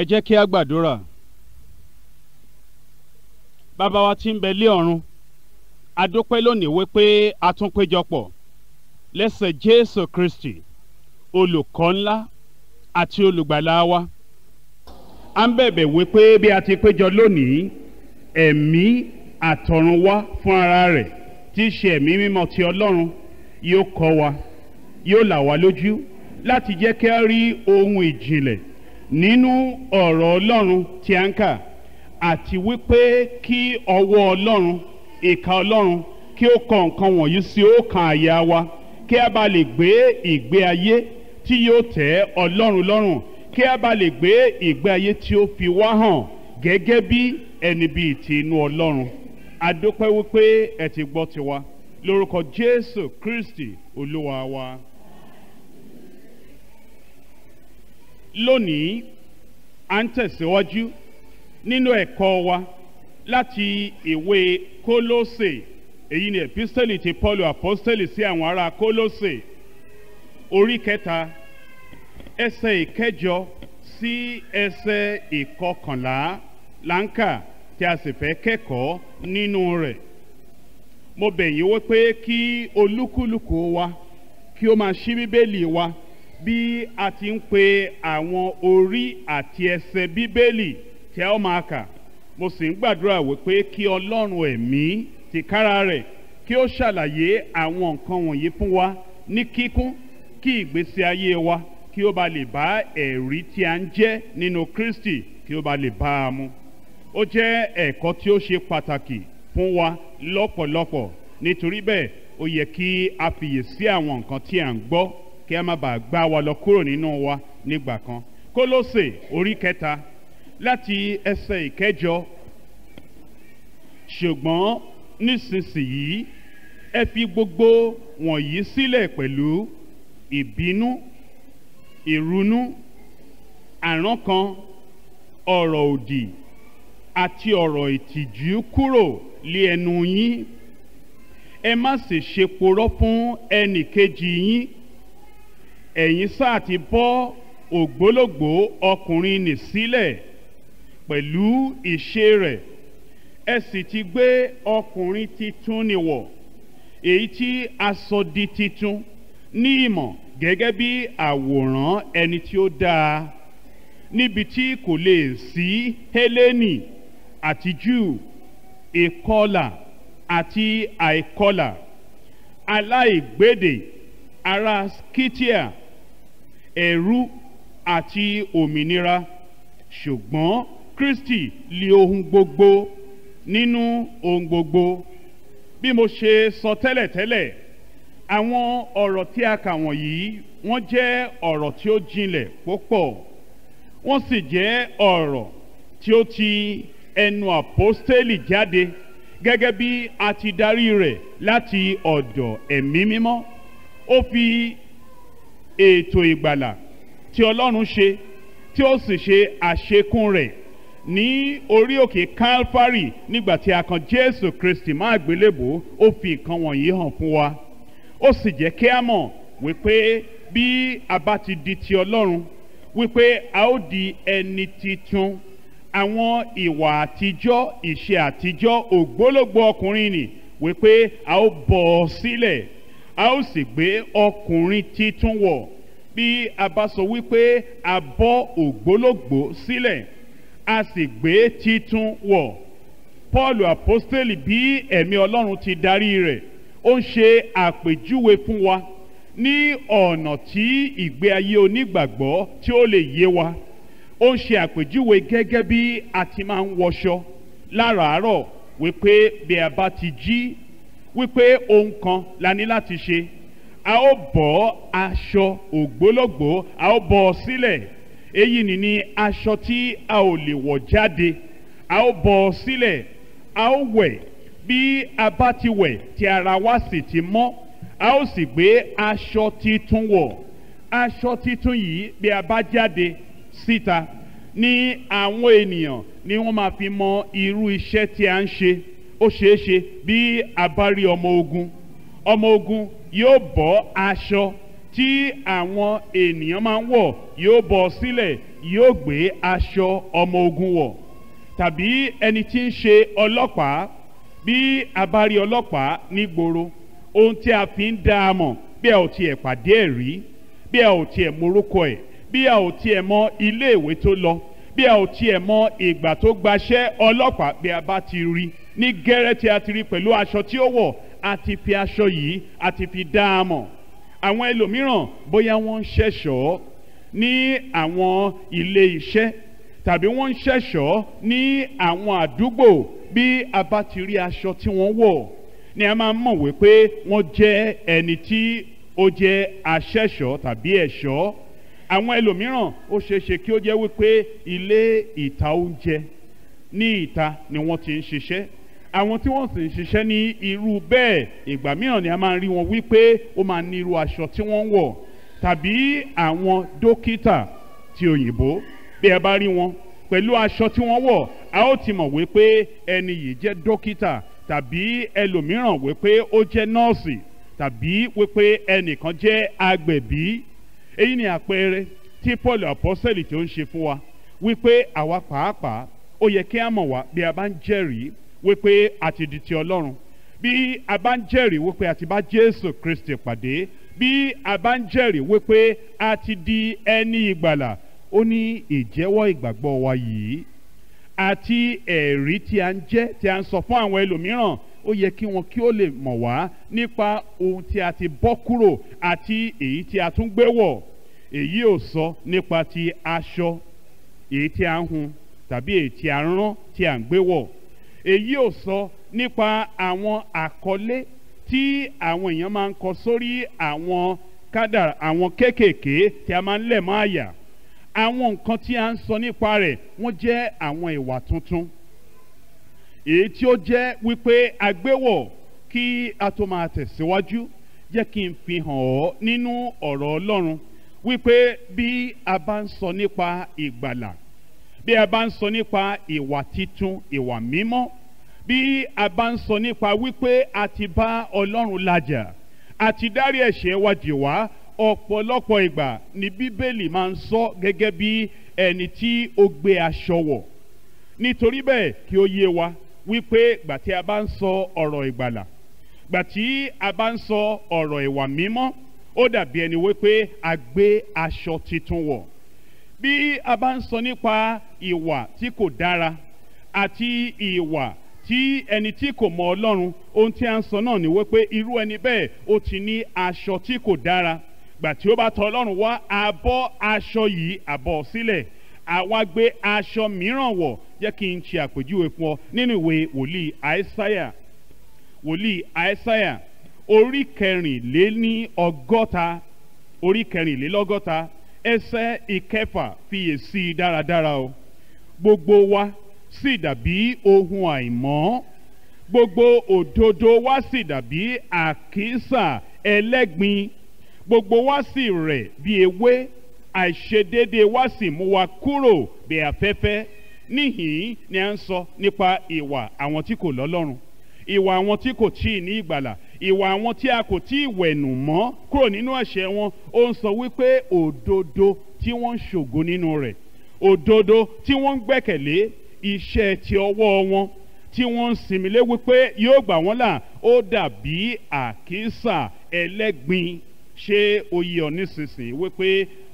ẹ jẹ́ kí a gbàdúrà bàbá wa tí ń bẹ lé ọ̀run a dúpẹ́ lónìí wípé a tún péjọpọ̀ lẹ́sẹ̀ Jésù Kristi olùkọ́ ńlá àti olùgbàlà wa a ń bẹ̀bẹ̀ wípé bí a ti péjọ lónìí ẹ̀mí àtọ̀run wá fún ara rẹ̀ tí í ṣe ẹ̀mí mímọ́ ti Ọlọ́run yóò kọ́ wa yóò là wá lójú láti jẹ́ kí a rí ohun ìjìnlẹ̀ nínú ọ̀rọ̀ ọlọ́run tí a ń kà àti wípé kí ọwọ́ ọlọ́run ìka ọlọ́run kí ó kọ nǹkan wọ̀nyí sí ọkàn àyà wa kí a bá lè gbé ìgbé ayé tí yóò tẹ́ ọlọ́run lọ́rùn kí a bá lè gbé ìgbé ayé tí ó fi wá hàn gẹ́gẹ́ bí ẹni bíi ti inú ọlọ́run a wípé ẹ ti gbọ́ tiwa lórúkọ jésù kristi olúwa wa. lónìí à ń tẹ̀síwájú nínú ẹ̀kọ́ wa láti ìwé kólósè èyí ni epistẹ́lì ti paul apostẹ́lì sí àwọn ará kólósè orí kẹta ẹsẹ̀ ìkẹjọ sí ẹsẹ̀ ìkọkànlá láǹkà tí a sì fẹ́ kẹ́kọ̀ọ́ nínú rẹ̀ mo bẹ̀ yín wípé kí olúkúlùkù wa kí ó máa ṣí bíbélì wa bí a ti ń pe àwọn orí àti ẹsẹ̀ bíbélì tí a ó máa kà mo sì ń gbàdúrà wípé kí ọlọ́run ẹ̀mí tìkára rẹ̀ kí ó ṣàlàyé àwọn nǹkan wọ̀nyí fún wa ní kíkún kí ìgbésí ayé wa kí ó ba lè bá ẹ̀rí tí a ń jẹ́ nínú Kristi kí ó ba lè bá a mu ó jẹ́ ẹ̀kọ́ tí ó ṣe pàtàkì fún wa lọ́pọ̀lọpọ̀ nítorí bẹ́ẹ̀ ó yẹ kí a fiyèsí àwọn nǹkan tí a ń gbọ́ kí a má bàa gbá wa lọ kúrò nínú wa nígbà kan kólósè orí kẹta láti ẹsẹ̀ ìkẹjọ ṣùgbọ́n nísinsìnyí ẹ fi gbogbo wọ̀nyí sílẹ̀ pẹ̀lú ìbínú ìrunú àrankàn ọ̀rọ̀ òdì àti ọ̀rọ̀ ìtìjú kúrò lé ẹnu yín ẹ má sì ṣe porọ́ fún ẹnì kejì yín ẹ̀yin sáà ti bọ́ ògbólógbò ọkùnrin nì sílẹ̀ pẹ̀lú ìṣe rẹ̀ ẹ sì ti gbé ọkùnrin titun nì wọ̀ èyí tí a sọ di titun ní ìmọ̀ gẹ́gẹ́ bí àwòrán ẹni tí ó dáa níbi tí kò lè sí Hélènì àti Júù ìkọlà àti àìkọlà aláìgbèdè ará Scythia ẹ̀rú àti òmìnira ṣùgbọ́n Kristi li ohun gbogbo nínú ohun gbogbo bí mo ṣe sọ tẹ́lẹ̀tẹ́lẹ̀ àwọn ọ̀rọ̀ tí a kà wọ̀nyí wọ́n jẹ́ ọ̀rọ̀ tí ó jinlẹ̀ púpọ̀ wọ́n sì jẹ́ ọ̀rọ̀ tí ó ti ẹnu àpọ́stélì jáde gẹ́gẹ́ bí a ti darí rẹ̀ láti ọ̀dọ̀ ẹ̀mí mímọ́ ó fi ètò ìgbàlà tí ọlọ́run ṣe tí ó sì ṣe àṣekún rẹ̀ ní orí òkè Calvary nígbà tí a kan Jésù Kristi má àgbélébò ó fi nǹkan wọ̀nyí hàn fún wa ó sì jẹ́ kí a mọ̀ wípé bí a bá ti di ti ọlọ́run wípé a ó di ẹni titun àwọn ìwà àtijọ́ ìṣe àtijọ́ ògbólógbòó ọkùnrin nì wípé a ó bọ̀ ọ́ sílẹ̀ a ó sì gbé ọkùnrin titun wọ̀ bí a bá sọ wípé a bọ́ ògbólógbò sílẹ̀ a sì gbé titun wọ̀ paul apostoli bí ẹ̀mí ọlọ́run ti darí rẹ̀ ó ń ṣe àpèjúwe fún wa ní ọ̀nà tí ìgbé ayé onígbàgbọ́ tí ó lè yé wa ó ń ṣe àpèjúwe gẹ́gẹ́ bí a ti máa ń wọṣọ láràárọ̀ wípé bí a bá ti jí wípé ohun kan la ní láti ṣe a ó bọ́ aṣọ ògbólógbòó a ó bọ́ ọ èyí ni ní aṣọ tí a ò lè wọ̀ jáde a ó bọ́ ọ sílẹ̀ a ó wẹ̀ bí a bá ti wẹ̀ tí ara wa sì ti mọ́ a ó sì gbé aṣọ titun wọ̀ aṣọ titun yìí bí a bá jáde síta ní àwọn ènìyàn ni wọ́n máa fi mọ irú iṣẹ́ tí a ń ṣe ó ṣeé ṣe bí a bá rí ọmọ ogun ọmọ ogun yóò bọ́ aṣọ tí àwọn ènìyàn máa ń wọ̀ yóò bọ́ sílẹ̀ yóò gbé aṣọ ọmọ ogun wọ̀ tàbí ẹni tí ń ṣe ọlọ́pàá bí a bá rí ọlọ́pàá nígboro ohun tí a fi ń dá a mọ̀ bí a ò tiẹ̀ pàdé ẹ̀ rí bí a ò tiẹ̀ morúkọ ẹ̀ bí a ò tiẹ̀ mọ ilé tó lọ bí a ò tiẹ̀ mọ ìgbà tó gbaṣẹ́ ọlọ́pàá bí a bá ti rí i ní gẹ́rẹ́ tí a ti rí pẹ̀lú aṣọ tí ó wọ̀ àti fi aṣọ yìí àti fi dá a mọ̀ àwọn ẹlòmíràn bóyá wọ́n ń ṣẹ̀ṣọ́ ní àwọn ilé iṣẹ́ tàbí wọ́n ń ṣẹ̀ṣọ́ ní àwọn àdúgbò bí a bá ti rí aṣọ tí wọ́n wọ̀ ni a máa ń mọ̀ wípé wọ́n jẹ́ ẹni tí ó jẹ́ aṣẹ̀ṣọ́ tàbí ẹ̀ṣọ́ àwọn ẹlòmíràn ó ṣeéṣe kí ó jẹ́ wípé ilé ìta oúnjẹ ní ìta ni wọ́n ti ń ṣiṣẹ́ àwọn tí wọ́n sì ń ṣiṣẹ́ ní irú bẹ́ẹ̀ ìgbà mìíràn ni a máa ń rí wọn wípé ó máa ní irú aṣọ tí wọ́n ń wọ̀ tàbí àwọn dókítà ti òyìnbó bí ẹ bá rí wọn pẹ̀lú aṣọ tí wọ́n wọ̀ a ó ti mọ̀ wípé ẹni yìí jẹ́ dókítà tàbí ẹlòmíràn wípé ó jẹ́ nọ́ọ̀sì tàbí wípé ẹnìkan jẹ́ agbẹ̀bí èyí ni àpẹẹrẹ tí Paul apọ́sẹ̀lì tó ń ṣe fún wa wípé àwa pàápàá ó yẹ kí a mọ̀ wá bí a bá ń jẹ́rìí wípé a ti di ti ọlọ́run bí a bá ń jẹ́rìí wípé a ti bá jésù kristi pàdé bí a bá ń jẹ́rìí wípé a ti di ẹni ìgbàlà ó ní ìjẹ́wọ́ ìgbàgbọ́ wa yìí àti ẹ̀rí tí a ń jẹ́ tí a ń sọ fún àwọn ẹlòmíràn ó yẹ kí wọn kí ó lè mọ̀ wá nípa ohun tí a ti bọ́ kúrò àti èyí tí a tún gbé wọ̀ èyí ò sọ nípa ti aṣọ èyí tí a ń hun tàbí èyí tí a rán tí a ń gbé wọ̀ èyí ò sọ nípa àwọn àkọlé tí àwọn èèyàn máa ń kọ sórí àwọn kádàrá àwọn kéékèèké tí a máa ń lẹ̀ mọ́ àyà àwọn nǹkan tí a ń sọ nípa rẹ̀ wọ́n jẹ́ àwọn ìwà tuntun èyí tí ó jẹ́ wípé agbéwọ̀ kí a tó máa tẹ̀síwájú jẹ́ kí n fi hàn ọ́ nínú ọ̀rọ̀ Ọlọ́run wípé bí a bá ń sọ nípa ìgbàlà bí a bá ń sọ nípa ìwà titun ìwà mímọ́ bí a bá ń sọ nípa wípé a ti bá ọlọ́run làjà a ti dárí ẹ̀ṣẹ̀ wa wá ọ̀pọ̀lọpọ̀ ìgbà ni bíbélì máa ń sọ gẹ́gẹ́ bí ẹni tí ó gbé aṣọ wọ̀ nítorí bẹ́ẹ̀ kí ó yé wa wípé gbà tí a bá ń sọ ọ̀rọ̀ ìgbàlà gbà tí a bá ń sọ ọ̀rọ̀ ìwà mímọ́ ó dàbí ẹni wípé a gbé aṣọ titun wọ̀ bí a bá ń sọ nípa ìwà tí kò dára àti ìwà tí ẹni tí kò mọ ọlọ́run ohun tí a ń sọ náà ni wípé irú ẹni bẹ́ẹ̀ ó ti ní aṣọ tí kò dára gbà tí ó bá tọ̀ ọlọ́run wá a bọ́ aṣọ yìí a bọ́ sílẹ̀ àwa gbé aṣọ mìíràn wọ̀ jẹ́ kí n ṣe àpèjúwe fún ọ nínú ìwé wòlíì àìsáyà wòlíì àìsáyà orí kẹrìnléní orí kẹrìnlélọ́gọ́ta ẹsẹ̀ ìkẹfà fiyèsí dáradára o gbogbo wa sì dàbí ohun àìmọ́ gbogbo òdodo wa sì dàbí àkísà ẹlẹ́gbin gbogbo wa sì rẹ̀ bí ewé àìṣedéédé wa sì mú wa kúrò bí afẹ́fẹ́ níhìn ni à ń sọ nípa ìwà àwọn tí kò lọ́lọ́run ìwà àwọn tí kò tíì ní ìgbàlà ìwà àwọn tí a kò tíì wẹ̀nù mọ́ kúrò nínú ẹ̀ṣẹ̀ wọn ó ń sọ wípé òdodo tí wọ́n ń ṣògo nínú rẹ̀ òdodo tí wọ́n ń gbẹ́kẹ̀lé iṣẹ́ ti ọwọ́ wọn tí wọ́n ń sinmi lé wípé yóò gbà wọ́n là ó dàbí àkísà ẹlẹ́gbin ṣé oyè ọ nísinsìnyí wípé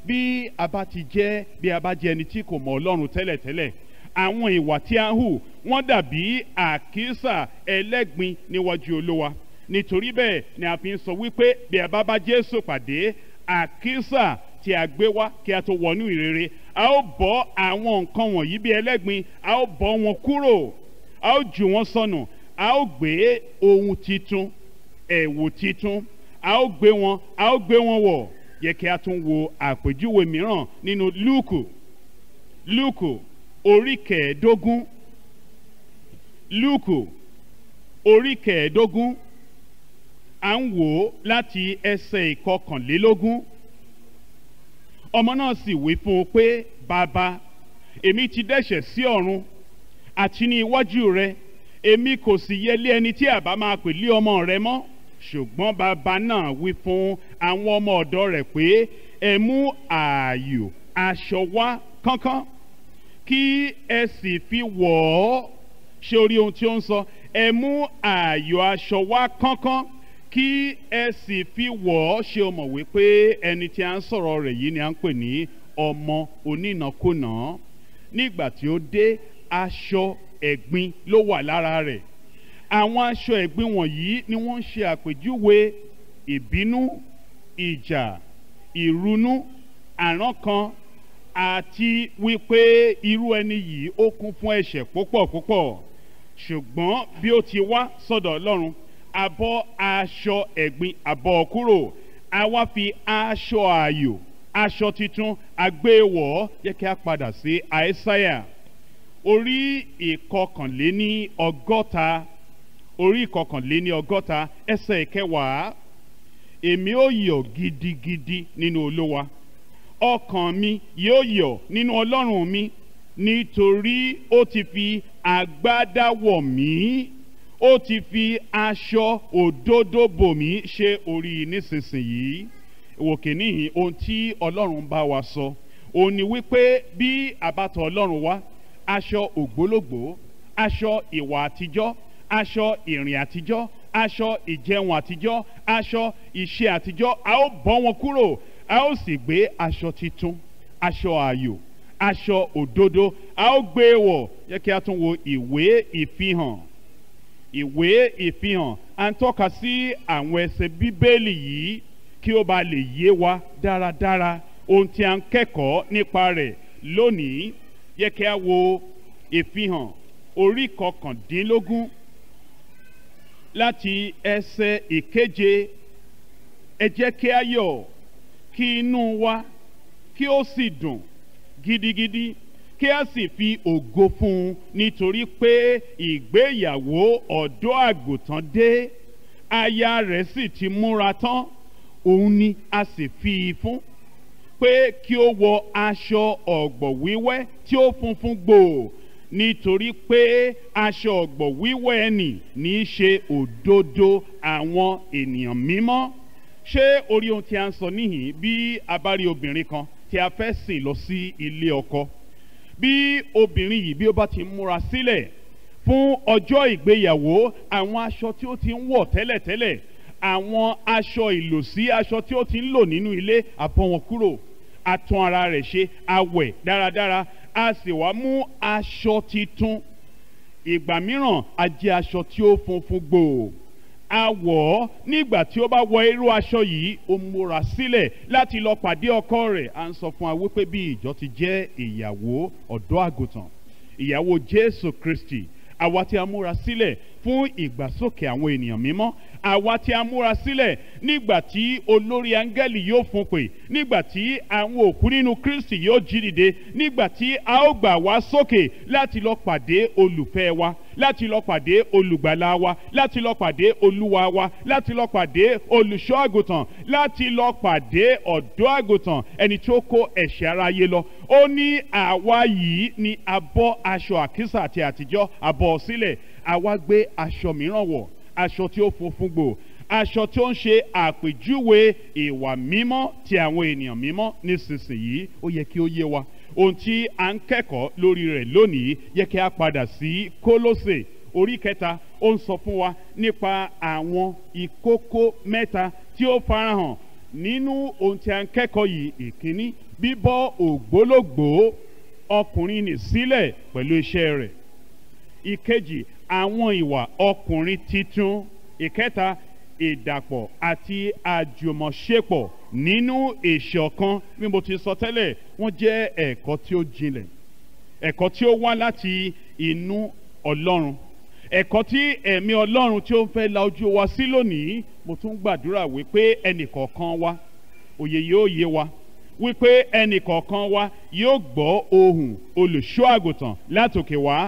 bí a bá ti jẹ́ bí a bá jẹ́ ẹni tí kò mọ Ọlọ́run tẹ́lẹ̀tẹ́lẹ̀ àwọn ìwà tí a hù wọ́n dàbí àkísà ẹlẹ́gbin níwájú olówa nítorí bẹ́ẹ̀ ni a fi ń sọ wípé bí a bá bá Jésù pàdé àkísà tí a gbé wá kí a tó wọnú ìrere a ó bọ́ àwọn nǹkan wọ̀nyí bí ẹlẹ́gbin a ó bọ́ wọn kúrò a ó jù wọn sọnù a ó gbé ohun titun ẹ̀wù titun a ó gbé wọn a ó gbé wọn wọ̀ yẹ kí a tún wo àpèjúwe mìíràn nínú Lúùkù Lúùkù orí kẹẹ̀ẹ́dógún lúùkù orí kẹẹ̀ẹ́dógún à ń wò ó láti ẹsẹ̀ ìkọkànlélógún ọmọ náà sì wí fún un pé bàbá èmi ti dẹ́ṣẹ̀ sí ọ̀run àti ní iwájú rẹ èmi kò sì yẹlé ẹni tí àbá máa pè lé ọmọ rẹ mọ́ ṣùgbọ́n bàbá náà wí fún àwọn ọmọ ọ̀dọ́ rẹ̀ pé ẹ mú ààyò aṣọ wá kánkán kí ẹ sì fi wọ̀ ọ́ ṣe orí ohun tí ó ń sọ ẹ mú ààyò aṣọ wá kánkán kí ẹ sì fi wọ̀ ọ́ ṣe o wípé ẹni tí a ń sọ̀rọ̀ rẹ̀ yìí ni a ń pè ní ọmọ onínàkúnà nígbà tí ó dé aṣọ ẹ̀gbin ló wà lára rẹ̀ àwọn aṣọ ẹ̀gbin wọ̀nyí ni wọ́n ń ṣe àpèjúwe ìbínú ìjà ìrunú àrán kan àti wípé irú ẹni yìí ó kún fún ẹ̀ṣẹ̀ púpọ̀ púpọ̀ ṣùgbọ́n bí ó ti wá sọ́dọ̀ ọlọ́run abọ́ aṣọ ẹ̀gbin abọ́ kúrò a wá fi aṣọ ààyò aṣọ titun agbéwọ̀ e yẹ kí a padà sí àìsáyà orí ìkọkànléní ọgọ́ta orí ìkọkànléní ọgọ́ta ẹsẹ̀ ìkẹwàá èmi ó yọ̀ gidigidi nínú olówa. No ọkàn mi yóò yọ̀ nínú ọlọ́run mi nítorí ó ti fi agbádá wọ̀ mí ó ti fi aṣọ òdodo bò mí ṣe orí nísinsìnyí wòkìní yìí ohun tí ọlọ́run bá wa sọ òun ni wípé bí àbátọ̀ ọlọ́run wá aṣọ ògbólógbòó aṣọ ìwà àtijọ́ aṣọ ìrìn àtijọ́ aṣọ ìjẹun àtijọ́ aṣọ ìṣe àtijọ́ a ó bọ́ wọn kúrò a ó sì gbé aṣọ titun aṣọ ààyò aṣọ òdodo a ó gbé e wọ̀ yẹ kí a tún wo ìwé ìfihàn ìwé ìfihàn à ń tọ́ka sí àwọn ẹsẹ̀ bíbélì yìí kí ó ba lè yé wa dáradára ohun tí a ń kẹ́kọ̀ọ́ nípa rẹ̀ lónìí yẹ kí a wo ìfihàn orí kọkàndínlógún láti ẹsẹ̀ ìkeje ẹ jẹ́ kí a yọ̀ kí inú wa kí ó sì dùn gidigidi kí a sì fi ògo fún un nítorí pé ìgbéyàwó ọ̀dọ́ àgùntàn dé aya rẹ̀ sì ti múra tán òun ni a sì fi í fún pé kí ó wọ aṣọ ọ̀gbọ̀ wíwẹ́ tí ó funfun gbòò nítorí pé aṣọ ọ̀gbọ̀ wíwọ̀ ẹni ní í ṣe òdodo àwọn ènìyàn mímọ́ ṣé orí ohun tí a ń sọ níhìn bí a bá rí obìnrin kan tí a fẹ́ sìn lọ sí ilé ọkọ bí obìnrin yìí bí ó bá ti múra sílẹ̀ fún ọjọ́ ìgbéyàwó àwọn aṣọ tí ó ti ń wọ̀ tẹ́lẹ̀tẹ́lẹ̀ àwọn aṣọ ìlòsí aṣọ tí ó ti ń lò nínú ilé àbọ̀ wọn kúrò a ara rẹ̀ ṣe awẹ̀ dáradára a sì wá mú aṣọ titun ìgbà mìíràn a jẹ́ aṣọ tí ó funfun gbòò awọ̀ ọ́ nígbà tí ó bá wọ irú aṣọ yìí ó múra sílẹ̀ láti lọ pàdé ọkọ rẹ̀ à ń sọ fún wa wípé bí ìjọ ti jẹ́ ìyàwó ọ̀dọ́ àgùntàn ìyàwó Jésù Kristi àwa tí a múra sílẹ̀ fún ìgbàsókè àwọn ènìyàn mímọ́ àwa tí a múra sílẹ̀ nígbà tí olórí áńgẹ́lì yóò fún pè nígbà tí àwọn òkú nínú Kristi yóò jí dìde nígbà tí a ó gbà wá sókè láti lọ pàdé olùfẹ́ wa láti lọ pàdé olùgbàlà wa láti lọ pàdé olúwa wa láti lọ pàdé olùṣọ́ àgùntàn láti lọ pàdé ọ̀dọ́ àgùntàn ẹni tí ó kó ẹ̀ṣẹ̀ aráyé lọ ó ní àwa yìí ni a bọ́ aṣọ àkísà àti àtijọ́ a bọ́ sílẹ̀ àwa gbé aṣọ mìíràn wọ̀ aṣọ tí ó funfun gbòò aṣọ tí ó ń ṣe àpèjúwe ìwà mímọ́ ti àwọn ènìyàn mímọ́ nísinsìnyí ó yẹ kí ó yé wa ohun tí a ń kẹ́kọ̀ọ́ lórí rẹ̀ lónìí yẹ kí a padà sí Kólósè orí kẹta ó ń sọ fún wa nípa àwọn ìkókó mẹ́ta tí ó farahàn nínú ohun tí a ń kẹ́kọ̀ọ́ yìí ìkíní bíbọ́ ògbólógbòó ọkùnrin nì sílẹ̀ pẹ̀lú iṣẹ́ rẹ̀ ìkejì àwọn ìwà ọkùnrin titun ìkẹta ìdàpọ̀ àti àjùmọ̀ṣepọ̀ nínú ìṣọ̀kan bí mo ti sọ tẹ́lẹ̀ wọ́n jẹ́ ẹ̀kọ́ tí ó jinlẹ̀ ẹ̀kọ́ tí ó wá láti inú Ọlọ́run ẹ̀kọ́ tí ẹ̀mí Ọlọ́run tí ó ń fẹ́ la ojú wa sí lónìí mo tún gbàdúrà wípé ẹnìkọ̀ọ̀kan wa òye yóò yé wa wípé ẹnìkọ̀ọ̀kan wa yóò gbọ́ ohùn olùṣọ́ látòkè wá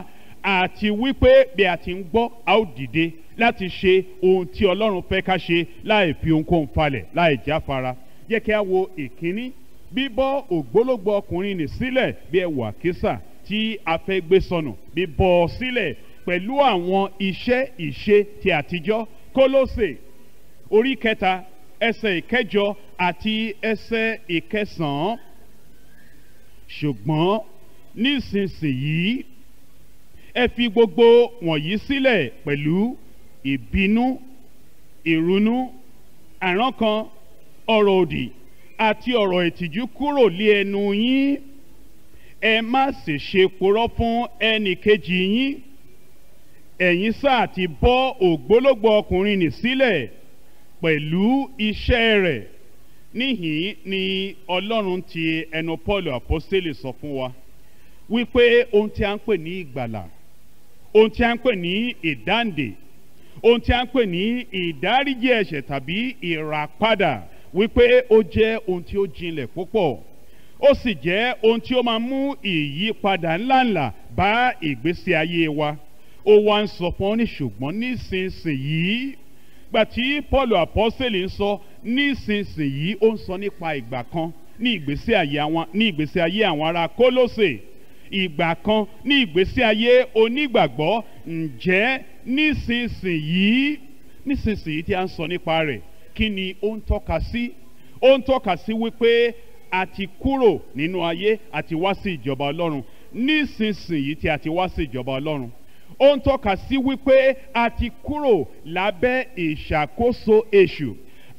àti wípé bí a ti ń gbọ́ a ó dìde láti ṣe ohun tí ọlọ́run fẹ́ ká ṣe láì fi ohunkóhun falẹ̀ láì jáfara jẹ́ kí a wo ìkíní bíbọ́ ògbólógbò ọkùnrin nì sílẹ̀ bí ẹwà kísà tí a fẹ́ gbé sọnù bíbọ́ sílẹ̀ pẹ̀lú àwọn iṣẹ́ ìṣe ti àtijọ́ kólósè orí kẹta ẹsẹ̀ ìkẹjọ àti ẹsẹ̀ ìkẹsàn-án ṣùgbọ́n nísinsìnyí ẹ fi gbogbo wọ̀nyí sílẹ̀ pẹ̀lú ìbínú ìrunú àrankàn ọ̀rọ̀ òdì àti ọ̀rọ̀ ìtìjú kúrò lé ẹnu yín ẹ má sì ṣe purọ́ fún ẹnì yín ẹ̀yin sáà ti bọ́ ògbólógbò ọkùnrin nì sílẹ̀ pẹ̀lú iṣẹ́ rẹ̀ níhìn ni ọlọ́run ti ẹnu Pọ́ọ̀lù àpọ́sẹ́lẹ̀ sọ fún wa wípé ohun tí a ń pè ní ìgbàlà ohun tí a ń pè ní ìdáǹdè ohun tí a ń pè ní ìdáríjì ẹ̀ṣẹ̀ tàbí ìràpadà wípé ó jẹ́ ohun tí ó jinlẹ̀ púpọ̀ ó sì jẹ́ ohun tí ó máa mú ìyípadà ńláńlá bá ìgbésí ayé wa ó wá ń sọ fún ọ ní ṣùgbọ́n nísinsìnyí gbà tí Pọ́ọ̀lù àpọ́sẹ̀lì ń sọ nísinsìnyí ó ń sọ nípa ìgbà kan ní ìgbésí ayé àwọn ará Kólósè ìgbà kan ní ìgbésí ayé onígbàgbọ́ ǹjẹ́ nísinsìnyí nísinsìnyí tí a ń sọ nípa rẹ̀ kí ni ó ń tọ́ka sí ó ń tọ́ka sí wípé a ti kúrò nínú ayé a ti wá sí ìjọba ọlọ́run nísinsìnyí tí a ti wá sí ìjọba ọlọ́run ó ń tọ́ka sí wípé a ti kúrò lábẹ́ ìṣàkóso èṣù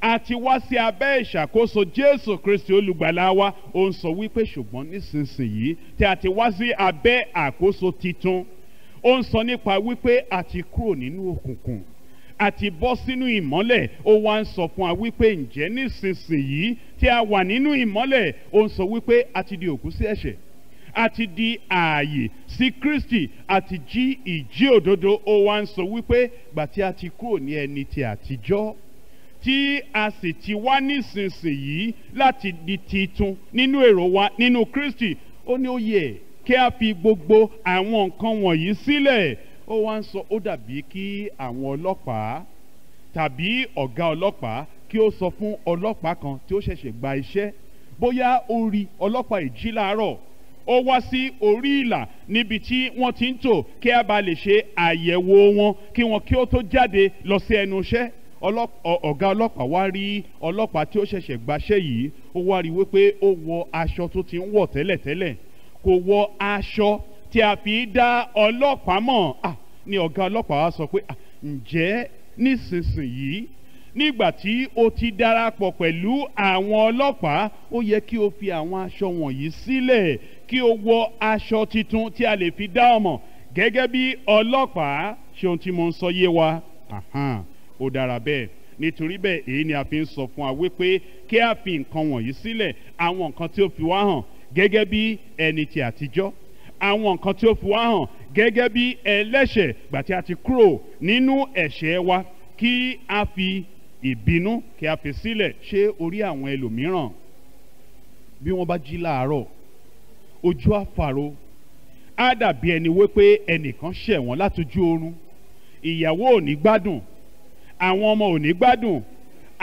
àti wá sí abẹ́ ìṣàkóso Jésù Kristi olùgbàlà wa ó ń sọ wípé ṣùgbọ́n nísinsìnyí tí a ti wá sí abẹ́ àkóso titun ó ń sọ nípa wípé a ti kúrò nínú òkùnkùn àti bọ́ sínú ìmọ́lẹ̀ ó wá ń sọ fún wa wípé ǹjẹ́ nísinsìnyí tí a wà nínú ìmọ́lẹ̀ ó ń sọ wípé a ti di òkú sí ẹ̀ṣẹ̀ a ti di ààyè sí Kristi àti jí ìjí òdodo ó wá ń sọ wípé gbà tí a ti kúrò ní ẹni tí àtijọ́ tí a sì ti wá nísinsìnyí láti di titun nínú èrò wa nínú Kristi ó ní ó yẹ kí a fi gbogbo àwọn nǹkan wọ̀nyí sílẹ̀ ó wá ń sọ ó dàbí kí àwọn ọlọ́pàá tàbí ọ̀gá ọlọ́pàá kí ó sọ fún ọlọ́pàá kan tí ó ṣẹ̀ṣẹ̀ gba iṣẹ́ bóyá ó rí ọlọ́pàá ìjí láàárọ̀ ó wá sí orí ìlà níbi tí wọ́n ti ń tò kí a bá lè ṣe àyẹ̀wò wọn kí wọn kí ó tó jáde lọ sí ẹnu iṣẹ́ ọ̀gá ọlọ́pàá wá rí ọlọ́pàá tí ó ṣẹ̀ṣẹ̀ gbaṣẹ́ yìí ó wá rí wípé ó wọ aṣọ tó ti ń wọ̀ tẹ́lẹ̀tẹ́lẹ̀ kò wọ aṣọ tí a fi dá ọlọ́pàá mọ̀ ni ọ̀gá ọlọ́pàá wá sọ pé ah ǹjẹ́ nísinsìnyí nígbà tí o ti darapọ̀ pẹ̀lú àwọn ọlọ́pàá ó yẹ kí o fi àwọn aṣọ wọ̀nyí sílẹ̀ kí o wọ aṣọ tuntun tí a lè fi dá ọ gẹ́gẹ́ bí ọlọ́pàá ṣe ohun tí mo ń sọ yé wa. Uh-huh ó dára bẹ́ẹ̀ nítorí bẹ́ẹ̀ èyí ni a fi ń sọ fún wa wípé kí a fi nǹkan wọ̀nyí sílẹ̀ àwọn nǹkan tí ó fi wá hàn gẹ́gẹ́ bí ẹni ti àtijọ́ àwọn nǹkan tí ó fi wá hàn gẹ́gẹ́ bí ẹlẹ́ṣẹ̀ gbà a ti kúrò nínú ẹ̀ṣẹ̀ wa kí a fi ìbínú kí a fi sílẹ̀ ṣé orí àwọn ẹlòmíràn bí wọ́n bá jí láàárọ̀ ojú àfàrò á dàbí ẹni wípé ẹnìkan ṣẹ̀ wọ́n látọjú oorun ìyàwó ò ní gbádùn àwọn ọmọ ò ní gbádùn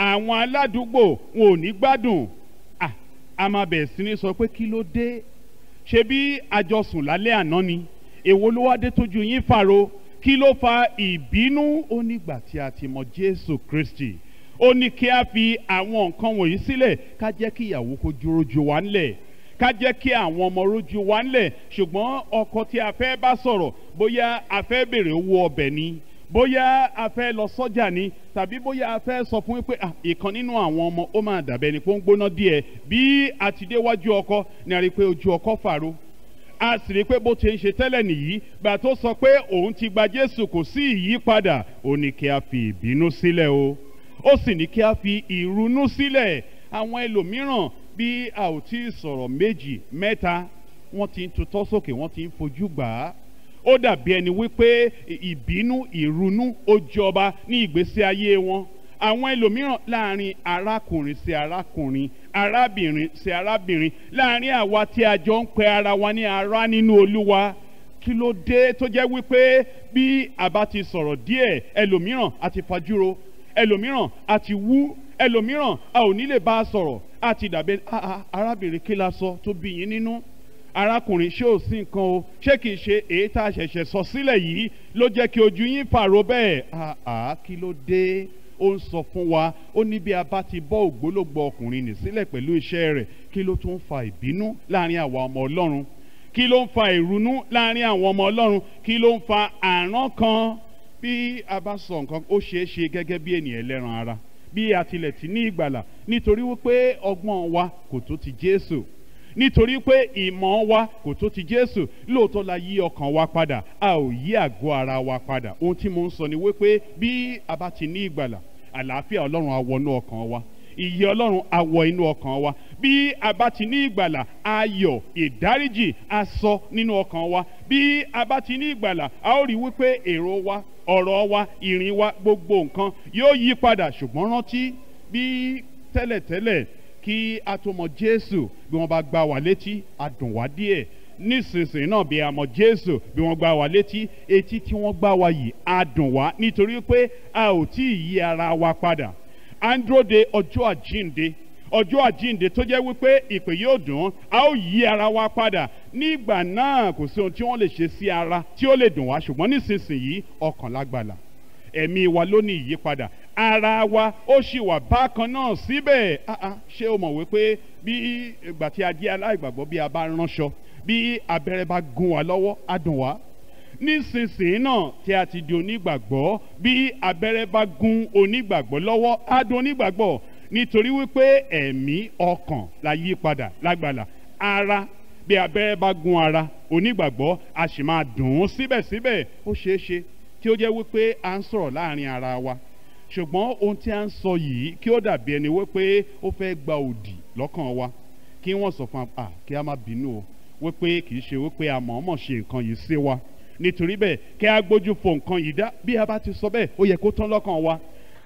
àwọn aládùúgbò wọn ò ní gbádùn a máa bẹ̀rẹ̀ sí ní sọ pé kí ló dé ṣe bí àjọsùn lálẹ́ àná ni èwo ló wá dé tójú yín fàro kí ló fa ìbínú ó nígbà tí a ti mọ Jésù Kristi ó ní kí a fi àwọn nǹkan wọ̀nyí sílẹ̀ ká jẹ́ kí ìyàwó kó dúró ju wa ńlẹ̀ ká jẹ́ kí àwọn ọmọ rojú wa ńlẹ̀ ṣùgbọ́n ọkọ tí a fẹ́ bá sọ̀rọ̀ bóyá a fẹ́ béèrè owó ọbẹ̀ ni bóyá a fẹ́ lọ sọ́jà ni tàbí bóyá a fẹ́ sọ fún pé ìkan nínú àwọn ọmọ ó máa dàbẹ́ ni pé ó ń gbóná díẹ̀ bí a ti ọkọ ni a rí i pé ojú ọkọ fàró a sì rí i pé bó ti ń ṣe tẹ́lẹ̀ nìyí gbà tó sọ pé òun ti gba Jésù kò sí ìyípadà ó ní kí a fi ìbínú sílẹ̀ o ó sì ní kí a fi ìrunú sílẹ̀ àwọn ẹlòmíràn bí a ò tí ì sọ̀rọ̀ méjì mẹ́ta wọ́n ti ń tutọ́ sókè wọ́n ti ń fojú gbà ó dàbí ẹni wípé ìbínú ìrunú ó jọba ní ìgbésí ayé wọn àwọn ẹlòmíràn láàrin arákùnrin sí arákùnrin arábìnrin sí arábìnrin láàrin àwa tí a jọ ń pè ara wa ní ará nínú olúwa kí ló dé tó jẹ́ wípé bí a bá ti sọ̀rọ̀ díẹ̀ ẹlòmíràn a ti fajúro ẹlòmíràn a ti wú ẹlòmíràn a ò ní lè bá a sọ̀rọ̀ a ti dàbí ah, ah, arábìnrin kí la sọ tó bí yín nínú. No? arákùnrin ṣé ò sí nǹkan o ṣé kìí ṣe èyí tá a ṣẹ̀ṣẹ̀ sọ sílẹ̀ yìí ló jẹ́ kí ojú yín pààrọ̀ bẹ́ẹ̀ àá kí ló dé ó ń sọ fún wa ó ní bí a bá ti bọ́ ògbólógbòó ọkùnrin nì sílẹ̀ pẹ̀lú iṣẹ́ rẹ̀ kí ló tún fa ìbínú láàrin àwa ọmọ ọlọ́run kí ló ń fa ìrunú láàrin àwọn ọmọ ọlọ́run kí ló ń fa àrán kan bí a bá sọ nǹkan ó ṣeé ṣe gẹ́gẹ́ bí ènìyàn ẹlẹ́ran ara bí a ti ní ìgbàlà nítorí wípé ọgbọ́n wa kò tó ti Jésù nítorí pé ìmọ̀ wa kò tó ti Jésù lóòótọ́ la yí ọkàn wa padà a ò yí àgọ́ ara wa padà ohun tí mo ń sọ ni wípé bí a bá ti ní ìgbàlà àlàáfíà Ọlọ́run á wọnú ọkàn wa ìyè Ọlọ́run á wọ inú ọkàn wa bí a bá ti ní ìgbàlà ayọ̀ ìdáríjì á sọ nínú ọkàn wa bí a bá ti ní ìgbàlà a ó rí wípé èrò wa ọ̀rọ̀ wa ìrìn wa gbogbo nǹkan yóò yí padà ṣùgbọ́n rántí bí tẹ́lẹ̀tẹ́lẹ̀ kí a tó mọ jésù bí wọ́n bá gbá wa létí a dùn wá díẹ̀ nísinsìnyí náà bí a mọ jésù bí wọ́n gbá wa létí etí tí wọ́n gbá wa yìí a dùn wá nítorí pé a ò tí ì yí ara wa padà à ń dúró de ọjọ́ tó jẹ́ wípé ìpè yóò dùn a ó yí ara wa padà nígbà náà kò sí ohun tí wọ́n lè ṣe sí ara tí ó lè dùn wá ṣùgbọ́n nísinsìnyí ọkàn lágbàlà ẹ̀mí wa ló ní ìyípadà ara wa ó sì wà bákan náà síbẹ̀ ah, ah, ṣé o mọ̀ wípé bí ìgbà tí a di aláìgbàgbọ́ bí a bá ránṣọ bí abẹ́rẹ́ bá gún wa lọ́wọ́ á dùn wá nísinsìnyí náà tí a ti di onígbàgbọ́ bí abẹ́rẹ́ bá gún onígbàgbọ́ lọ́wọ́ á dùn onígbàgbọ́ nítorí wípé ẹ̀mí ọkàn la yí padà lágbàlá ara bí abẹ́rẹ́ bá gún ara onígbàgbọ́ a sì máa dùn ún síbẹ̀síbẹ̀ ó ṣeé ṣe tí ó jẹ́ wípé à ń sọ̀rọ̀ láàrin ara wa ṣùgbọ́n ohun tí a ń sọ yìí kí ó dàbí ẹni wípé ó fẹ́ gba òdì lọ́kàn wa kí wọ́n sọ fún a kí a má bínú o wípé kì í ṣe wípé a mọ̀ọ́mọ̀ ṣe nǹkan yìí sí wa nítorí bẹ́ẹ̀ kí a gbójú fo nǹkan yìí dá bí a bá ti sọ bẹ́ẹ̀ ó yẹ kó tán lọ́kàn wa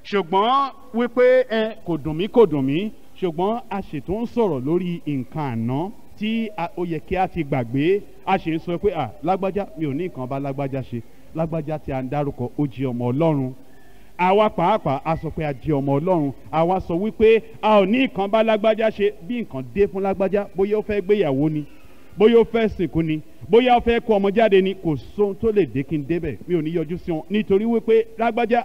ṣùgbọ́n wípé ẹ kò dùn mí kò dùn mí ṣùgbọ́n a ṣètò ń sọ̀rọ̀ lórí nǹkan àná tí ó yẹ kí a ti gbàgbé a ṣe ń sọ pé à lágbájá mi ò ní nǹkan bá lágbájá ṣe lágbájá tí a ń dárúkọ ó jí ọmọ ọlọ́run àwa pàápàá a sọ pé a jẹ ọmọ ọlọ́run àwa sọ wípé a ò ní nǹkan bá lágbájá ṣe bí nǹkan dé fún lágbájá bóyá ó fẹ́ gbéyàwó ni bóyá ó fẹ́ sìnkú ni bóyá ó fẹ́ kó ọmọ jáde ni kò sóhun tó lè dé kí n débẹ̀ mi ò ní yọjú sí wọn nítorí wípé lágbájá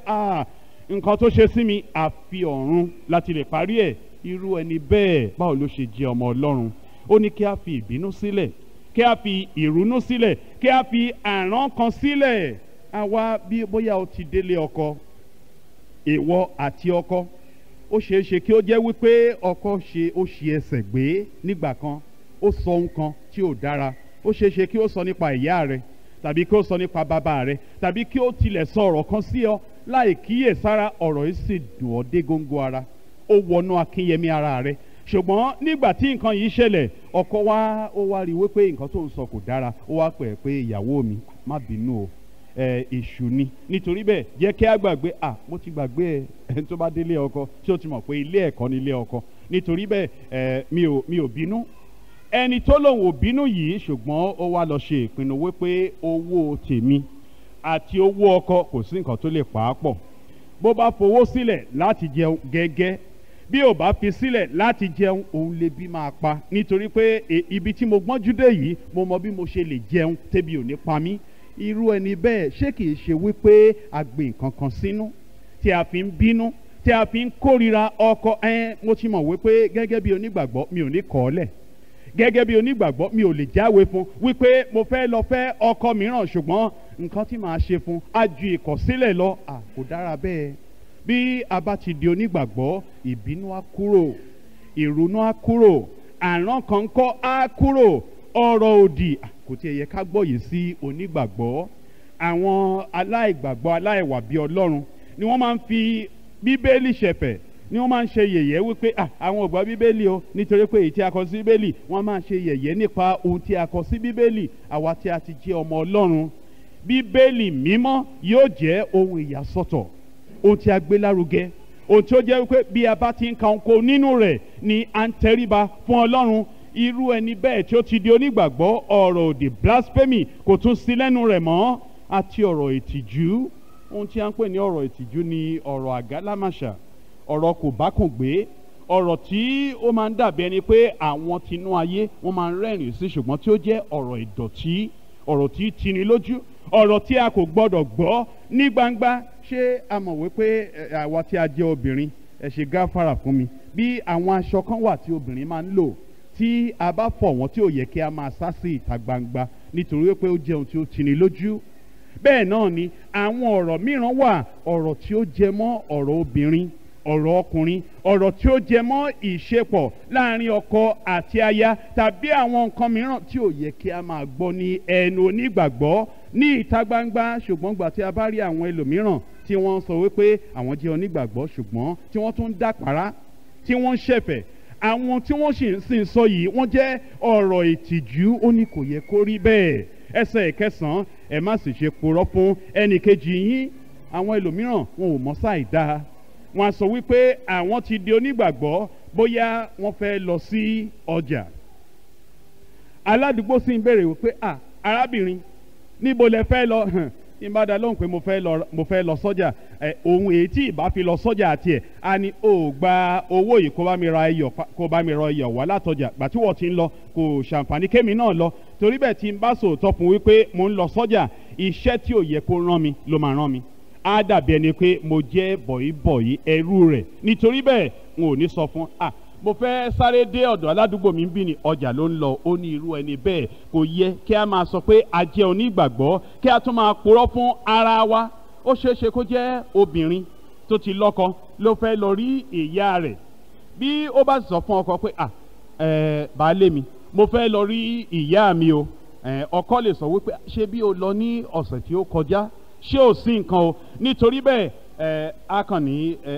nǹkan tó ṣe sí mi àfi ọ̀run láti lè parí ẹ̀ irú ẹni bẹ́ẹ̀ báwo ló ṣe jẹ ọmọ ọlọ́run ó ní kí a fi ìbínú sílẹ̀ kí a fi ìrúnú sílẹ̀ kí a fi àrán kan sílẹ̀ àwa bí bóyá o ti délé ọkọ ìwọ àti ọkọ ó ṣeé ṣe kí ó jẹ́ wípé ọkọ ṣe ó ṣe ẹsẹ̀ gbé nígbà kan ó sọ nǹkan tí ò dára ó ṣeé ṣe kí ó sọ nípa ìyá rẹ tàbí kí ó sọ nípa bàbá rẹ tàbí kí ó tilẹ̀ sọ ọ̀rọ̀ kan sí ọ láì kíyè sára ọ̀rọ̀ yìí sì dùn ọ́ dé góńgó ara ó wọnú akínyẹmí ara rẹ ṣùgbọ́n nígbà tí nǹkan yìí ṣẹlẹ̀ ọkọ wa ó wá rí i wípé nǹkan tó ń sọ kò dára ó wá pè é pé ìyàwó mi má bínú o èṣù ni nítorí bẹ́ẹ̀ jẹ́ kí a gbàgbé à mo ti gbàgbé ẹni tó bá délé ọkọ tí ó ti mọ̀ pé ilé ẹ̀kọ́ ni ilé ọkọ nítorí bẹ́ẹ̀ mi ò mi ò bínú ẹni tó lòun ò bínú yìí ṣùgbọ́n ó wá lọ ṣe ìpinnu wípé owó tèmi àti owó ọkọ kò sí nǹkan tó lè pàápọ̀ bó bá fowó sílẹ̀ láti jẹun gẹ́gẹ́ bí ò bá fi sílẹ̀ láti jẹun òun lè bí máa pa nítorí pé e, ibi tí mo gbọ́njú dé yìí mo mọ bí mo ṣe lè jẹun tẹ́bi ò ní pa mí irú ẹni bẹ́ẹ̀ ṣé kìí ṣe wípé àgbè nǹkan kan sínú tí a fi ń bínú tí a fi ń kórira ọkọ ẹn mo ti mọ̀ wípé gẹ́gẹ́ bí onígbàgbọ́ mi ò ní kọ̀ ọ́ lẹ̀ gẹ́gẹ́ bí onígbàgbọ́ mi ò lè jáwé fún wípé mo fẹ́ lọ fẹ́ ọkọ mìíràn ṣùgbọ́n nǹkan tí màá ṣe fún á ju ìkọ̀sílẹ̀ lọ à kò dára bẹ́ẹ̀ bí a bá ti di onígbàgbọ́ ìbínú á kúrò ìrònú á kúrò àrán kan kọ́ á kúrò ọ̀rọ̀ òdì kò tí ẹ yẹ ká gbọ́yè sí onígbàgbọ́ àwọn aláìgbàgbọ́ aláìwà bíi ọlọ́run ni wọ́n máa ń fi bíbélì ṣẹ̀fẹ̀ ni wọ́n máa ń ṣe yẹ̀yẹ́ wípé àwọn ò gbọ́ bíbélì o nítorí pé èyí tí a kọ sí bíbélì wọ́n máa ń ṣe yẹ̀yẹ́ nípa ohun tí a kọ sí bíbélì àwa tí a ti jẹ́ ọmọ ọlọ́run bíbélì mímọ́ yóò jẹ́ ohun ìyàsọ́tọ̀ ohun tí a gbé lárugẹ ohun tí ó jẹ́ wípé bí a bá ti ń ka ohun nínú rẹ̀ ni à ń tẹríba fún ọlọ́run irú ẹni bẹ́ẹ̀ tí ó ti di onígbàgbọ́ ọ̀rọ̀ òdì blasphemy kò tún sí lẹ́nu rẹ̀ mọ́ àti ọ̀rọ̀ ìtìjú ohun tí a ń pè ní ọ̀rọ̀ ìtìjú ni ọ̀rọ̀ àgálámàṣà ọ̀rọ̀ kò bá kùn gbé ọ̀rọ̀ tí ó máa ń dàbí ẹni pé àwọn tinú ayé wọ́n máa ń rẹ́rìn sí ṣùgbọ́n tí ó jẹ́ ọ̀rọ̀ ìdọ̀tí ọ̀rọ̀ tí tini lójú ọ̀rọ̀ tí a kò gbọ́dọ̀ gbọ́ ní gbangba ṣé a mọ̀ wípé àwa tí a jẹ́ obìnrin ẹ ṣe gáfárà fún mi bí àwọn aṣọ kan wà tí obìnrin máa ń lò tí a bá fọ̀ wọ́n tí ò yẹ kí a máa sá sí ìta gbangba nítorí wípé ó jẹun tí ó tini lójú bẹ́ẹ̀ náà ni àwọn ọ̀rọ̀ mìíràn wà ọ̀rọ̀ tí ó jẹ mọ́ ọ̀rọ̀ obìnrin ọ̀rọ̀ ọkùnrin ọ̀rọ̀ tí ó jẹ mọ́ ìṣepọ̀ láàrin ọkọ àti aya tàbí àwọn nǹkan mìíràn tí ò yẹ kí a máa gbọ́ ní ẹnu onígbàgbọ́ ní ìta gbangba ṣùgbọ́n gbà tí a bá rí àwọn ẹlòmíràn tí wọ́n sọ wípé àwọn jẹ́ onígbàgbọ́ ṣùgbọ́n tí wọ́n tún ń dàpárá tí wọ́n ń ṣẹ̀fẹ̀ àwọn tí wọ́n sì ń sọ yìí wọ́n jẹ́ ọ̀rọ̀ ìtìjú ó ní kò yẹ kó rí bẹ́ẹ̀ ẹsẹ̀ ìkẹsàn-án ẹ má sì ṣe purọ́ fún ẹnì kejì yín àwọn ẹlòmíràn wọn ò mọ̀ sáì dáa wọn á sọ wípé àwọn ti di onígbàgbọ́ bóyá wọ́n fẹ́ lọ sí ọjà aládùúgbò sì ń béèrè wípé à arábìnrin níbo lẹ fẹ́ lọ tí n bá dá lóhùn pé mo fẹ́ lọ sọ́jà ẹ ohun èyí tí ìbá fi lọ sọ́jà tiẹ̀ á ní o gba owó yìí kó bá mi ra ẹyọ kó bá mi ra ẹyọ wá látọjà gbà wọ́n ti ń lọ kò ṣàǹfààní kémi náà lọ torí bẹ́ẹ̀ tí n bá sòótọ́ fún wípé mo ń lọ sọ́jà iṣẹ́ tí ò yẹ kó rán mi ló máa rán mi á dàbí ẹni pé mo jẹ́ bọ̀yìbọ̀yì ẹrú rẹ̀ nítorí bẹ́ẹ̀ n ò ní sọ fún ah mo fẹ́ sáré dé ọ̀dọ̀ aládùúgbò mi ń bí ni ọjà ló ń lọ ó ní irú ẹni bẹ́ẹ̀ kò yẹ kí a máa sọ pé a jẹ́ onígbàgbọ́ kí a tún máa purọ́ fún ara wa ó ṣeé ṣe kó jẹ́ obìnrin tó ti lọ́kọ ló fẹ́ lọ rí ìyá rẹ̀ bí ó bá sọ fún ọkọ pé à ẹ baálé mi mo fẹ́ lọ rí ìyá mi o ọkọ lè sọ wípé ṣé bí o lọ ní ọ̀sẹ̀ tí ó kọjá ṣé ò sí nǹkan o nítorí bẹ́ẹ̀ akànnì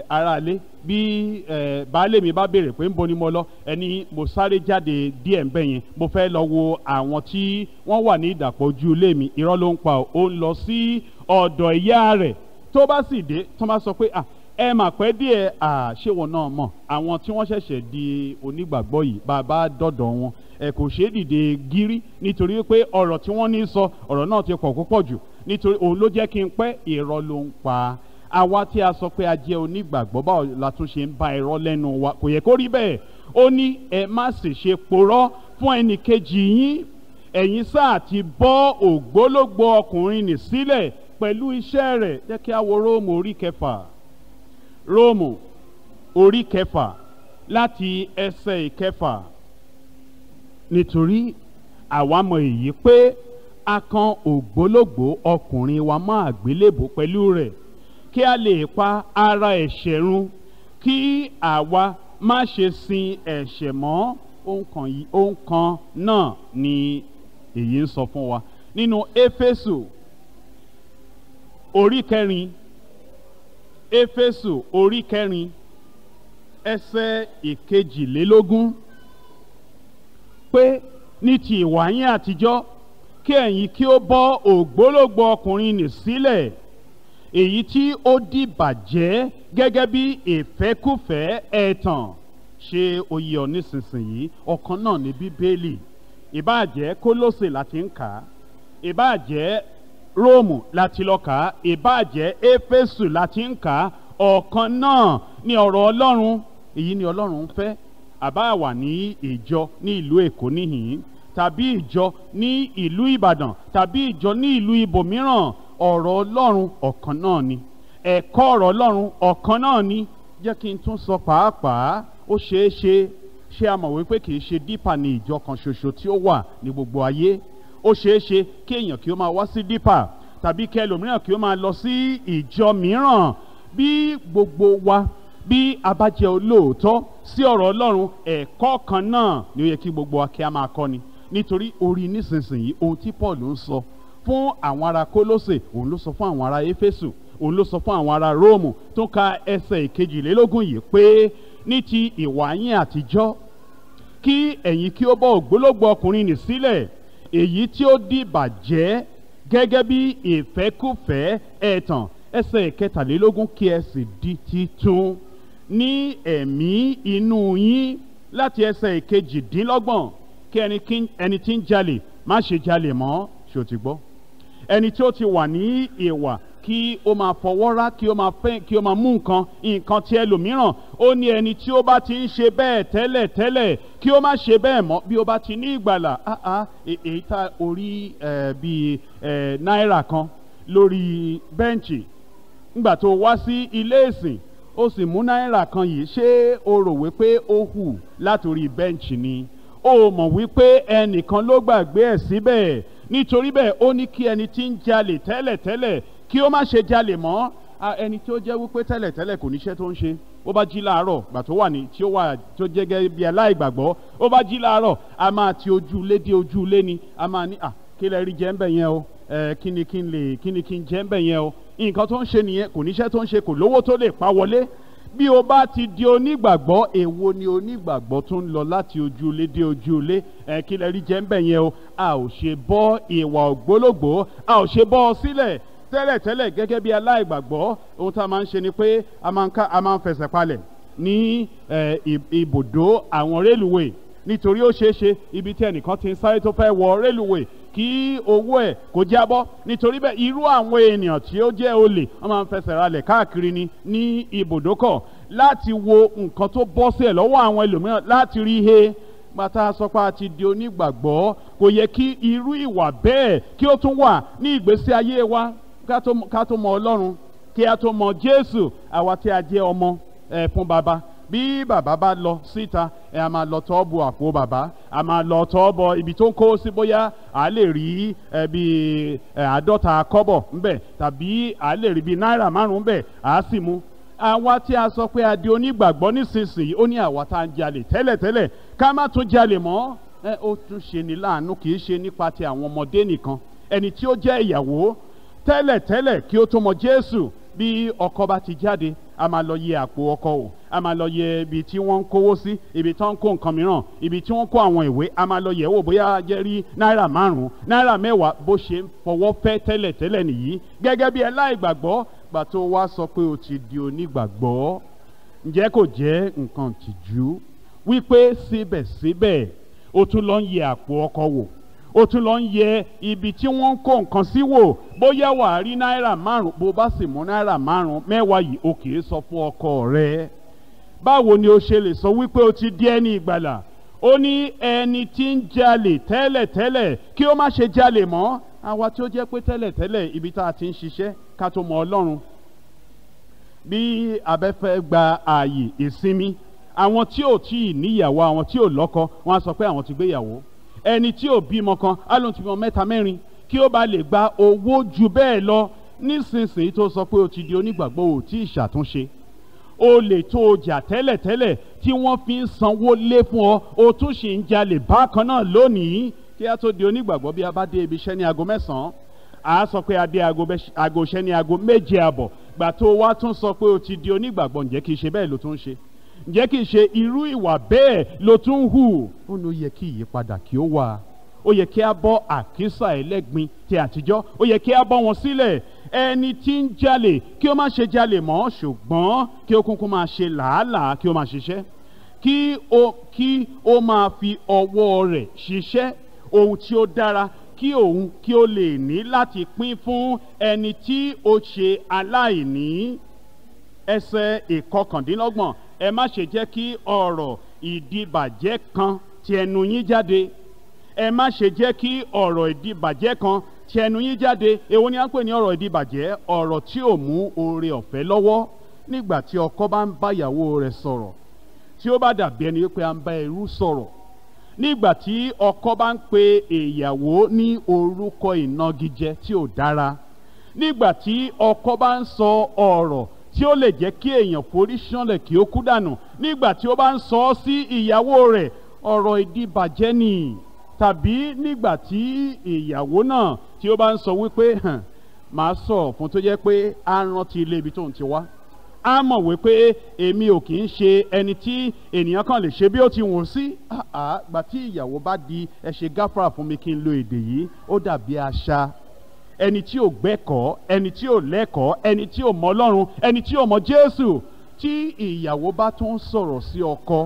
aráalé bí ẹ baálé mi bá béèrè pé nbo ni mo lọ ẹni mo sáré jáde díẹ̀ ń bẹ̀ yẹn mo fẹ́ lọ wo àwọn tí wọ́n wà ní ìdàpọ̀ ojú ilé mi irọ́ ló ń pa ó ń lọ sí ọ̀dọ̀ ìyá rẹ̀ tó bá sì dé tó bá sọ pé à ẹ mà pẹ́ díẹ̀ à ṣé wọn náà mọ̀ àwọn tí wọ́n ṣẹ̀ṣẹ̀ di onígbàgbọ́ yìí bàbá dọ̀dọ̀ wọn ẹ kò ṣeé dìde gírí nítorí pé ọ̀rọ̀ tí wọ́n ní sọ ọ̀rọ̀ náà ti pọ̀ púpọ̀ jù nítorí òun ló jẹ́ kí n pẹ́ irọ́ ló ń pa àwa tí a sọ pé a jẹ́ onígbàgbọ́ báwo la tún ṣe ń ba irọ́ lẹ́nu wa kò yẹ kó rí bẹ́ẹ̀ ó ní ẹ má sì ṣe porọ́ fún ẹnìkejì yín ẹ̀yin sáà ti bọ́ ògbólógbò ọkùnrin nì sílẹ̀ pẹ̀lú iṣẹ́ rẹ̀ jẹ́ kí a wo róòmù orí kẹfà róòmù orí kẹfà láti ẹsẹ̀ ìkẹfà nítorí àwa mọ̀ èyí pé a kan ògbólógbò ọkùnrin wa mọ́ àgbélébò pẹ̀lú rẹ̀ kí a lè pa ara ẹ̀ṣẹ̀ run kí àwa má ṣe sin ẹ̀ṣẹ̀ mọ́ ohun kan náà ni èyí ń sọ fún wa nínú éfésù orí kẹrin éfésù orí kẹrin ẹsẹ̀ ìkejìlélógún pé ní ti ìwà yín àtijọ́ kí ẹ̀yin kí ó bọ́ ògbólógbòó ọkùnrin nì sílẹ̀. Si èyí tí ó di bàjẹ́ gẹ́gẹ́ bí ìfẹ́kùfẹ́ ẹ̀tàn ṣe oyè ọ nísinsìnyí ọ̀kan náà ní bíbélì ìbáàjẹ́ kólósè láti ń kà á ìbáàjẹ́ róòmù láti lọ kà á ìbáàjẹ́ éfésù láti ń kà á ọ̀kan náà ni ọ̀rọ̀ ọlọ́run èyí ni ọlọ́run ń fẹ́ àbá wà ní ìjọ ní ìlú èkó níhìn tàbí ìjọ ní ìlú ìbàdàn tàbí ìjọ ní ìlú ibòmíràn ọ̀rọ̀ ọlọ́run ọ̀kan náà ni ẹ̀kọ́ ọ̀rọ̀ ọlọ́run ọ̀kan náà ni jẹ́ kí n tún sọ pàápàá ó ṣeé ṣe ṣé a mọ̀ wípé kì í ṣe dípà ní ìjọ kan ṣoṣo tí ó wà ní gbogbo ayé ó ṣeé ṣe kí èèyàn kí ó máa wá sí dípà tàbí kí ẹlòmíràn kí ó máa lọ sí ìjọ mìíràn bí gbogbo wa bí a bá jẹ́ olóòótọ́ sí ọ̀rọ̀ ọlọ́run ẹ̀kọ́ kan náà ni ó yẹ kí gbogbo wa kí a máa kọ́ ni nítorí orí nísinsìnyí ohun tí Paul ń sọ fún àwọn ará kólósè òun ló sọ fún àwọn ará éfésù òun ló sọ fún àwọn ará róòmù tó ń ka ẹsẹ̀ ìkejìlélógún yìí pé ní ti ìwà yín àtijọ́ kí ẹ̀yin kí ó bọ́ ògbólógbò ọkùnrin nì sílẹ̀ èyí tí ó di bàjẹ́ gẹ́gẹ́ bí ìfẹ́kùfẹ́ ẹ̀tàn ẹsẹ̀ ìkẹtàlélógún kí ẹ sì di titun ní ẹ̀mí inú yín láti ẹsẹ̀ ìkejìdínlọ́gbọ̀n kí ẹni tí ń jalè má ṣe jalè mọ́ ṣó gbọ́ ẹni tí ó ti wà ní ìwà kí ó máa fọwọ́rá kí ó máa fẹ́ kí ó máa mú nǹkan nǹkan ti ẹlòmíràn ó ní ẹni tí ó bá ti ń ṣe bẹ́ẹ̀ tẹ́lẹ̀ tẹ́lẹ̀ kí ó má ṣe bẹ́ẹ̀ mọ́ bí ó bá ti ní ìgbàlà ah, ah, e, èyí tá orí bíi náírà kan lórí bẹ́ǹchì ńgbà tó wá sí ilé ìsìn ó sì mú náírà kan yìí ṣé o rò wípé ó hù látòrí bẹ́ǹchì ni o mọ̀ wípé ẹnìkan ló gbàgbé ẹ̀ síbẹ̀ nítorí bẹ́ẹ̀ ó ní kí ẹni tí ń jalè tẹ́lẹ̀tẹ́lẹ̀ kí ó má ṣe jalè mọ́ ẹni tí ó jẹ́ wípé tẹ́lẹ̀tẹ́lẹ̀ kò níṣẹ́ tó ń ṣe ó bá jí láàárọ̀ gbà tó wà ní tí ó wà tó jẹ́ gẹ́gẹ́ bí aláìgbàgbọ́ ó bá jí láàárọ̀ a máa ti ojú ilé dé ojú ilé ni a máa ní à kí lẹ rí jẹ́ ń bẹ̀ yẹn o kí ni kí n lè kí ni kí n jẹ́ ń bẹ̀ yẹn o nǹkan tó ń ṣe nìyẹn kò níṣẹ́ tó ń ṣe kò lówó tó lè pa wọlé bí o bá ti di onígbàgbọ́ èwo ni onígbàgbọ́ tó ń lọ láti ojúlé dé ojúlé ẹ kí lẹ rí jẹ́ ń bẹ̀ yẹn o a ò ṣe bọ́ ìwà ògbólógbòó a ò ṣe bọ́ ọ sílẹ̀ tẹ́lẹ̀tẹ́lẹ̀ gẹ́gẹ́ bí aláìgbàgbọ́ ohun tá a máa ń ṣe ni pé a máa ń fẹsẹ̀ palẹ̀ ní ibùdó àwọn rélùwéè nítorí ó ṣeé ṣe ibi tí ẹnìkan ti ń sáré tó fẹ́ wọ rélùwé kí owó ẹ̀ kó jábọ́ nítorí bẹ́ẹ̀ irú àwọn ènìyàn tí ó jẹ́ olè wọ́n máa ń fẹsẹ̀ ralẹ̀ káàkiri ni ní ibùdókọ̀ láti wo nǹkan tó bọ́ sí ẹ̀ lọ́wọ́ àwọn ẹlòmíràn láti rí he gbàtà sọ pé a ti di onígbàgbọ́ kò yẹ kí irú ìwà bẹ́ẹ̀ kí ó tún wà ní ìgbésí ayé wa ká tó mọ ọlọ́run kí a tó mọ jésù àwa tí a jẹ́ ọmọ ẹ̀ fún baba bí bàbá bá lọ síta ẹ a máa lọ tọ́ bo àpò bàbá a máa lọ tọ́ bọ ibi tó ń kó sí bóyá a lè rí ẹ bí àádọ́ta kọ́bọ̀ ńbẹ̀ tàbí a lè rí bí náírà márùn-ún ńbẹ̀ a sì mú àwa tí a sọ pé a di onígbàgbọ́ nísinsìnyí ó ní àwa tá à ń jalè tẹ́lẹ̀tẹ́lẹ̀ ká má tún jalè mọ́ ẹ ó tún ṣe ní láàánú kì í ṣe nípa ti àwọn ọmọdé nìkan ẹni tí ó jẹ́ ìyàwó tẹ́lẹ̀tẹ́lẹ̀ kí ó tó mọ Jésù bí ọkọ bá ti jáde a máa lọ yẹ̀ àpò ọkọ wò a máa lọ yẹ ibi tí wọ́n ń kówó sí ibi tí wọ́n ń kó nǹkan mìíràn ibi tí wọ́n ń kó àwọn ìwé a máa lọ yẹ̀ wò bóyá jẹ́ rí náírà márùn-ún náírà mẹ́wàá bó ṣe ń fọwọ́ fẹ́ tẹ́lẹ̀ tẹ́lẹ̀ nìyí gẹ́gẹ́ bí aláìgbàgbọ́ gbà wá sọ pé o ti di onígbàgbọ́ ǹjẹ́ kò jẹ́ nǹkan tìjú wípé síbẹ̀síbẹ̀ o tún lọ ń yẹ àpò ọkọ̀ wò o tún lọ ń yẹ ibi tí wọ́n ń kó nǹkan sí wò bóyá wàá rí náírà márùn bó bá sì mú náírà márùn mẹ́wàá yìí o kì í sọ fún ọkọ rẹ báwo ni o ṣe lè sọ wípé o ti di ẹni ìgbàlà ó ní ẹni tí ń jalè tẹ́lẹ̀tẹ́lẹ̀ kí ó má ṣe jalè mọ́ àwa tí ó jẹ́ pé tẹ́lẹ̀tẹ́lẹ̀ ibi tá a ti ń ṣiṣẹ́ ká tó mọ ọlọ́run bí abẹ́fẹ́ gba ààyè ìsinmi àwọn tí ò tí ì níyàwó àwọn tí ò lọ́kọ wọn á sọ pé àwọn ti gbéyàwó ẹni tí ò bímọ kan á ti bímọ mẹ́ta mẹ́rin kí ó bá lè gba owó ju bẹ́ẹ̀ lọ nísinsìnyí tó sọ pé o ti di onígbàgbọ́ ò tí ì ṣàtúnṣe olè tó o jà tẹ́lẹ̀tẹ́lẹ̀ tí wọ́n fi ń sanwó lé fún ọ o tún sì ń jalè bákan náà lónìí kí a tó di onígbàgbọ́ bí a bá dé ibi iṣẹ́ ní aago mẹ́sàn-án a sọ pé a dé aago iṣẹ́ ní aago méje àbọ̀ gbà tó o wá tún sọ pé o ti di onígbàgbọ́ ǹjẹ́ kì í ṣe bẹ́ẹ̀ ló tún ṣe ǹjẹ́ kì í ṣe irú ìwà bẹ́ẹ̀ ló tún hù ó ní ó yẹ kí ìyípadà kí ó wà ó yẹ kí a bọ́ àkísà ẹlẹ́gbin ti àtijọ́ ó yẹ kí a bọ́ wọn sílẹ̀ ẹni tí ń jalè kí ó má ṣe jalè mọ́ ṣùgbọ́n kí ó kúkú máa ṣe làálàá kí ó máa ṣiṣẹ́ kí ó kí ó máa fi ọwọ́ rẹ̀ ṣiṣẹ́ ohun tí ó dára kí òun kí ó lè ní láti pín fún ẹni tí ó ṣe aláìní ẹsẹ̀ ìkọkàndínlọ́gbọ̀n ẹ má ṣe jẹ́ kí ọ̀rọ̀ ìdìbàjẹ́ kan ti ẹnu yín jáde ẹ má ṣe jẹ́ kí ọ̀rọ̀ ìdìbàjẹ́ kan ti ẹnu yín jáde èwo ni à ń pè ní ọ̀rọ̀ ìdíbàjẹ́ ọ̀rọ̀ tí ò mú oore ọ̀fẹ́ lọ́wọ́ nígbà tí ọkọ bá ń bá ìyàwó rẹ̀ sọ̀rọ̀ tí ó bá dàbí ẹni pé à ń bá ẹrú sọ̀rọ̀ nígbà tí ọkọ bá ń pe ìyàwó ní orúkọ ìnagijẹ tí ò dára nígbà tí ọkọ bá ń sọ ọ̀rọ̀ tí ó lè jẹ́ kí èèyàn forí ṣánlẹ̀ kí ó kú dànù nígbà tí ó bá ń sọ ọ́ sí ìyàwó rẹ̀ ọ̀rọ̀ ìdíbàjẹ́ nìyí tàbí nígbà tí ìyàwó náà tí ó bá ń sọ wípé hàn màá sọ fún tó jẹ́ pé á rántí ilé ibi tó ń ti wá á mọ̀ wípé èmi ò kì í ṣe ẹni tí ènìyàn kan lè ṣe bí ó ti wù sí àgbà tí ìyàwó bá di ẹ ṣe fún mi kí n lo èdè yìí ó dàbí àṣà ẹni tí ò gbẹ́kọ̀ọ́ ẹni tí ò lẹ́kọ̀ọ́ ẹni tí ò mọ Ọlọ́run ẹni tí ò mọ Jésù tí ìyàwó bá tún sọ̀rọ̀ sí ọkọ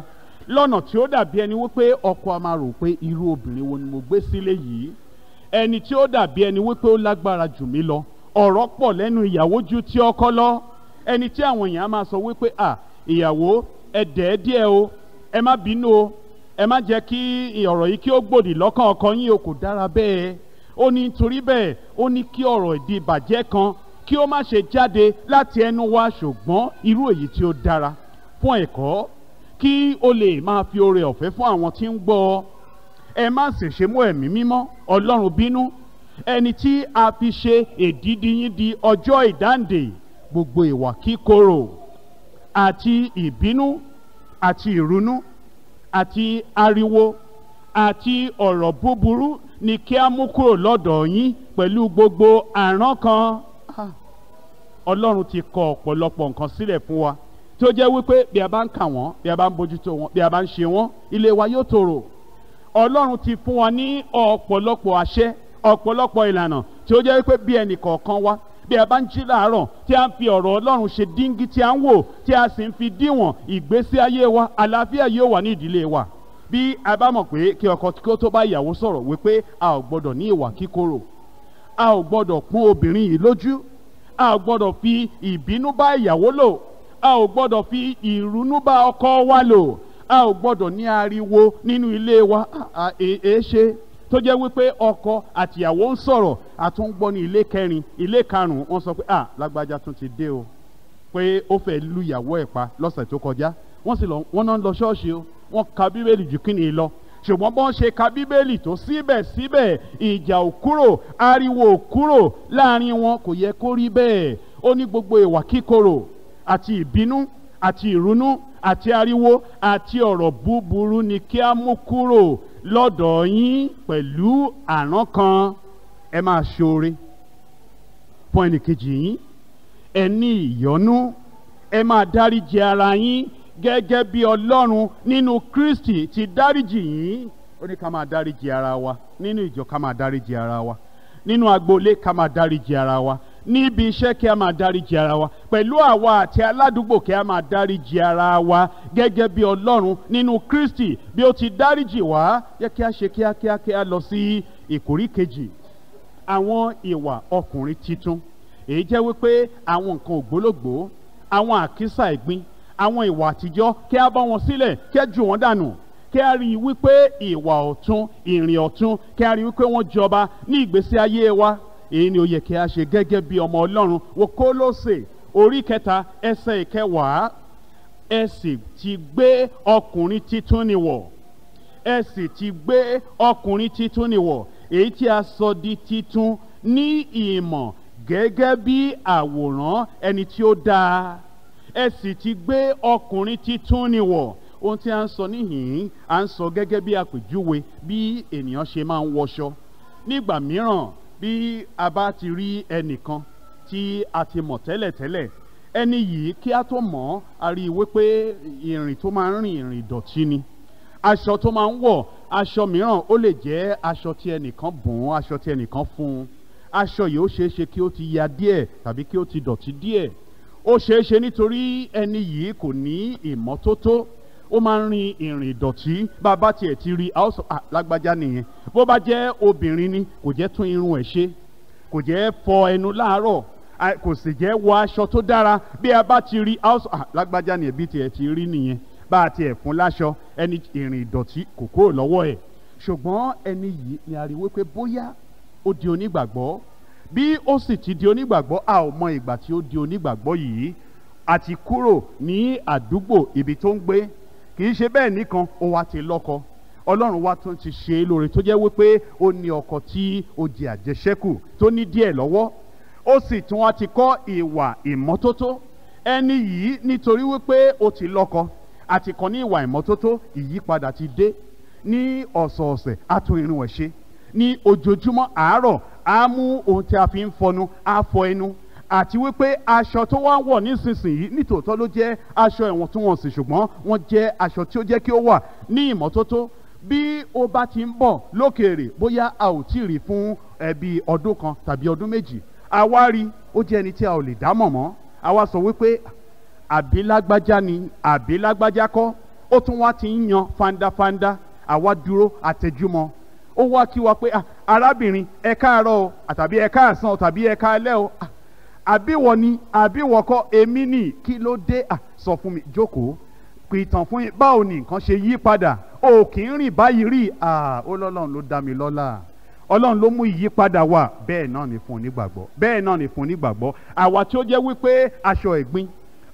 lọ́nà tí ó dàbí ẹni wípé ọkọ a máa rò pé irú obìnrin wo ni mo gbé sílé yìí ẹni tí ó dàbí ẹni wípé ó lágbára jù mí lọ ọ̀rọ̀ pọ̀ lẹ́nu ìyàwó ju ti ọkọ lọ ẹni tí àwọn èèyàn máa sọ wípé à ìyàwó ẹ dẹ̀ ẹ́ díẹ̀ o ẹ má bínú o ẹ má jẹ́ kí ọ̀rọ̀ yìí kí ó gbòdì lọ́kàn ọkọ yín o kò dára bẹ́ẹ̀ ó ní torí bẹ́ẹ̀ ó ní kí ọ̀rọ̀ ìdí ìbàjẹ́ kan kí ó má ṣe jáde láti ẹnu wa ṣùgbọ́n irú èyí tí ó dára fún ẹ̀kọ́ kí o lè máa fi oore ọ̀fẹ́ fún àwọn tí ń gbọ́ ọ ẹ má sì mú ẹ̀mí mímọ́ ọlọ́run bínú ẹni tí a fi ṣe èdìdì yín di ọjọ́ ìdáǹdè gbogbo ìwà kíkorò àti ìbínú àti ìrunú àti ariwo àti ọ̀rọ̀ búburú ni kí a mú kúrò lọ́dọ̀ yín pẹ̀lú gbogbo àrán kan ọlọ́run ti kọ ọ̀pọ̀lọpọ̀ nǹkan sílẹ̀ fún wa tó jẹ́ wípé bí a bá ń kà wọ́n bí a bá ń bójútó wọ́n bí a bá ń ṣe wọ́n ilé wa yóò tòrò ọlọ́run ti fún wọn ní ọ̀pọ̀lọpọ̀ àṣẹ ọ̀pọ̀lọpọ̀ ìlànà tí ó jẹ́ wípé bí ẹnì kọ̀ọ̀kan wa bí a bá ń jí láàárọ̀ tí a ń fi ọ̀rọ̀ ọlọ́run ṣe díngí tí a ń wò tí a sì ń fi díwọ̀n ìgbésí ayé wa àlàáfíà yóò wà ní ìdílé wa bí a bá mọ̀ pé kí ọkọ kí ó tó bá ìyàwó sọ̀rọ̀ wípé a ò gbọ́dọ̀ ní ìwà kíkorò a ò gbọ́dọ̀ pọ́n obìnrin yìí lójú a ò gbọ́dọ̀ fi ìbínú bá ìyàwó lò a ò gbọ́dọ̀ fi ìrúnú bá ọkọ wa lò a ò gbọ́dọ̀ ní ariwo nínú ilé wa èé e, e, ṣe tó jẹ́ wípé ọkọ àtìyàwó ń sọ̀rọ̀ àtún gbọ́ ní ilé kẹrin ilé karùn wọ́n sọ pé à lágbájá tún ti dé o pé ó fẹ́ lu ìyàwó ẹ̀ pa lọ́sẹ̀ tó kọjá wọ́n sì lọ wọ́n náà lọ ṣọ́ọ̀ṣì o wọ́n ka bíbélì jù kí ni lọ ṣùgbọ́n bọ́n ṣe ka bíbélì tó síbẹ̀síbẹ̀ ìjà ò kúrò ariwo ò kúrò láàrin wọn kò yẹ kó rí bẹ́ẹ̀ ó ní gbogbo ìwà kíkorò àti ìbínú àti ìrunú àti ariwo àti ọ̀rọ̀ búburú ni kí a mú kúrò lọ́dọ̀ yín pẹ̀lú àrán kan ẹ máa ṣoore fún ẹnìkejì yín ẹ ní ìyọ́nú ẹ máa dáríjì ara yín gẹ́gẹ́ bí ọlọ́run nínú kristi ti dáríjì yín ó ní ká máa dáríjì ara wa nínú ìjọ ká máa dáríjì ara wa nínú agboolé ká máa dáríjì ara wa níbi iṣẹ́ kí a máa dáríji ara wa pẹ̀lú àwa àti aládùúgbò kí a máa dáríji ara wa gẹ́gẹ́ bí ọlọ́run nínú kristi bí ó ti dáríji wá yẹ kí a ṣe kíákíá kí a lọ sí ìkórí kejì àwọn ìwà ọkùnrin titun èyí jẹ́ wípé àwọn nǹkan ògbólógbò àwọn àkísà ìgbín àwọn ìwà àtijọ́ kí a bọ́ wọn sílẹ̀ kí a jù wọ́n dànù kí a rí i wípé ìwà ọ̀tun ìrìn ọ̀tun kí a rí i wípé wọ́n jọba ní ìgbésí ayé wa èyí ni ó yẹ kí a ṣe gẹ́gẹ́ bí ọmọ ọlọ́run wo Kólósè orí kẹta ẹsẹ̀ ìkẹwàá ẹ sì ti gbé ọkùnrin titun ni wọ̀ ẹ sì ti gbé ọkùnrin titun ni wọ̀ èyí tí a sọ di titun ní ìmọ̀ gẹ́gẹ́ bí àwòrán ẹni tí ó dáa ẹ sì ti gbé ọkùnrin titun ni wọ̀ ohun tí a ń sọ níhìn-ín a ń sọ gẹ́gẹ́ bí àpèjúwe bí ènìyàn ṣe máa ń wọṣọ nígbà mìíràn bí a bá ti rí ẹnìkan tí a ti mọ̀ tẹ́lẹ̀tẹ́lẹ̀ ẹni yìí kí a tó mọ̀ ọ́ a rí i wípé ìrìn tó máa ń rìn ìrìn ìdọ̀tí ni aṣọ tó máa ń wọ̀ aṣọ mìíràn ó lè jẹ́ aṣọ tí ẹnìkan bùn ún aṣọ tí ẹnìkan fún un aṣọ yìí ó ṣeé ṣe kí ó ti ya díẹ̀ tàbí kí ó ti dọ̀tí díẹ̀ ó ṣeé ṣe nítorí ẹni yìí kò ní ìmọ́tótó ó máa ń rin ìrìn ìdọ̀tí bá a bá tiẹ̀ ti rí a ó sọ lágbájá nìyẹn bó bá jẹ́ obìnrin ni kò jẹ́ tún irun ẹ̀ ṣe kò jẹ́ fọ ẹnu láàárọ̀ kò sì jẹ́ wọ aṣọ tó dára bí a bá ti rí a ó sọ lágbájá nìyẹn bí tiẹ̀ ti rí nìyẹn bá a tiẹ̀ fún láṣọ ẹni ìrìn ìdọ̀tí kò kúrò lọ́wọ́ ẹ̀ ṣùgbọ́n ẹni yìí ni a rí wípé bóyá ó di onígbàgbọ́ bí ó sì ti di onígbàgbọ́ a ò mọ ìgbà tí ó di onígbàgbọ́ yìí àti kúrò ní àdúgbò ibi tó ń gbé kì í ṣe bẹ́ẹ̀ nìkan ó wá ti lọ́kọ ọlọ́run wa tún ti ṣe é lóore tó jẹ́ wípé ó ní ọkọ tí ó jẹ àjẹṣẹ́kù tó ní díẹ̀ lọ́wọ́ ó sì tún wá ti kọ́ ìwà ìmọ́tótó ẹni yìí nítorí wípé ó ti lọ́kọ àti kan ní ìwà ìmọ́tótó ìyípadà ti dé ní ọ̀sọ̀ọ̀sẹ̀ á tún irun ẹ̀ ṣe ní ojoojúmọ́ àárọ̀ á mú ohun tí a fi ń fọnu á fọ ẹnu àti wípé aṣọ tó wá ń wọ̀ nísinsìnyí nítòótọ́ ló jẹ́ aṣọ ìwọ̀ntúnwọ̀nsì ṣùgbọ́n wọ́n jẹ́ aṣọ tí ó jẹ́ kí ó wà ní ìmọ́tótó bí o bá ti ń bọ̀ lókèèrè bóyá a ò tí ì rí fún ẹbí ọdún kan tàbí ọdún méjì àwa rí ó jẹ́ ẹni tí a ò lè dámọ̀ mọ́ àwa sọ wípé àbí ni àbí lágbájá kọ́ ó tún wá ti ń yan fandafanda àwa dúró àtẹjúmọ́ ó wá kí wa pé arábìnrin ẹ káàárọ̀ o ẹ káàsán tàbí ẹ káalẹ́ o àbí wọ ni àbí wọ kọ́ èmi nì kí ló dé à sọ fún mi jókòó pìtàn fún mi báwo ni nǹkan ṣe yí padà o kì í rìn báyìí rí à ó lọ́lọ́run ló dá mi lọ́lá ọlọ́run ló mú ìyípadà wá bẹ́ẹ̀ náà ni fún onígbàgbọ́ bẹ́ẹ̀ náà ni fún onígbàgbọ́ àwa tí ó jẹ́ wípé aṣọ ẹ̀gbin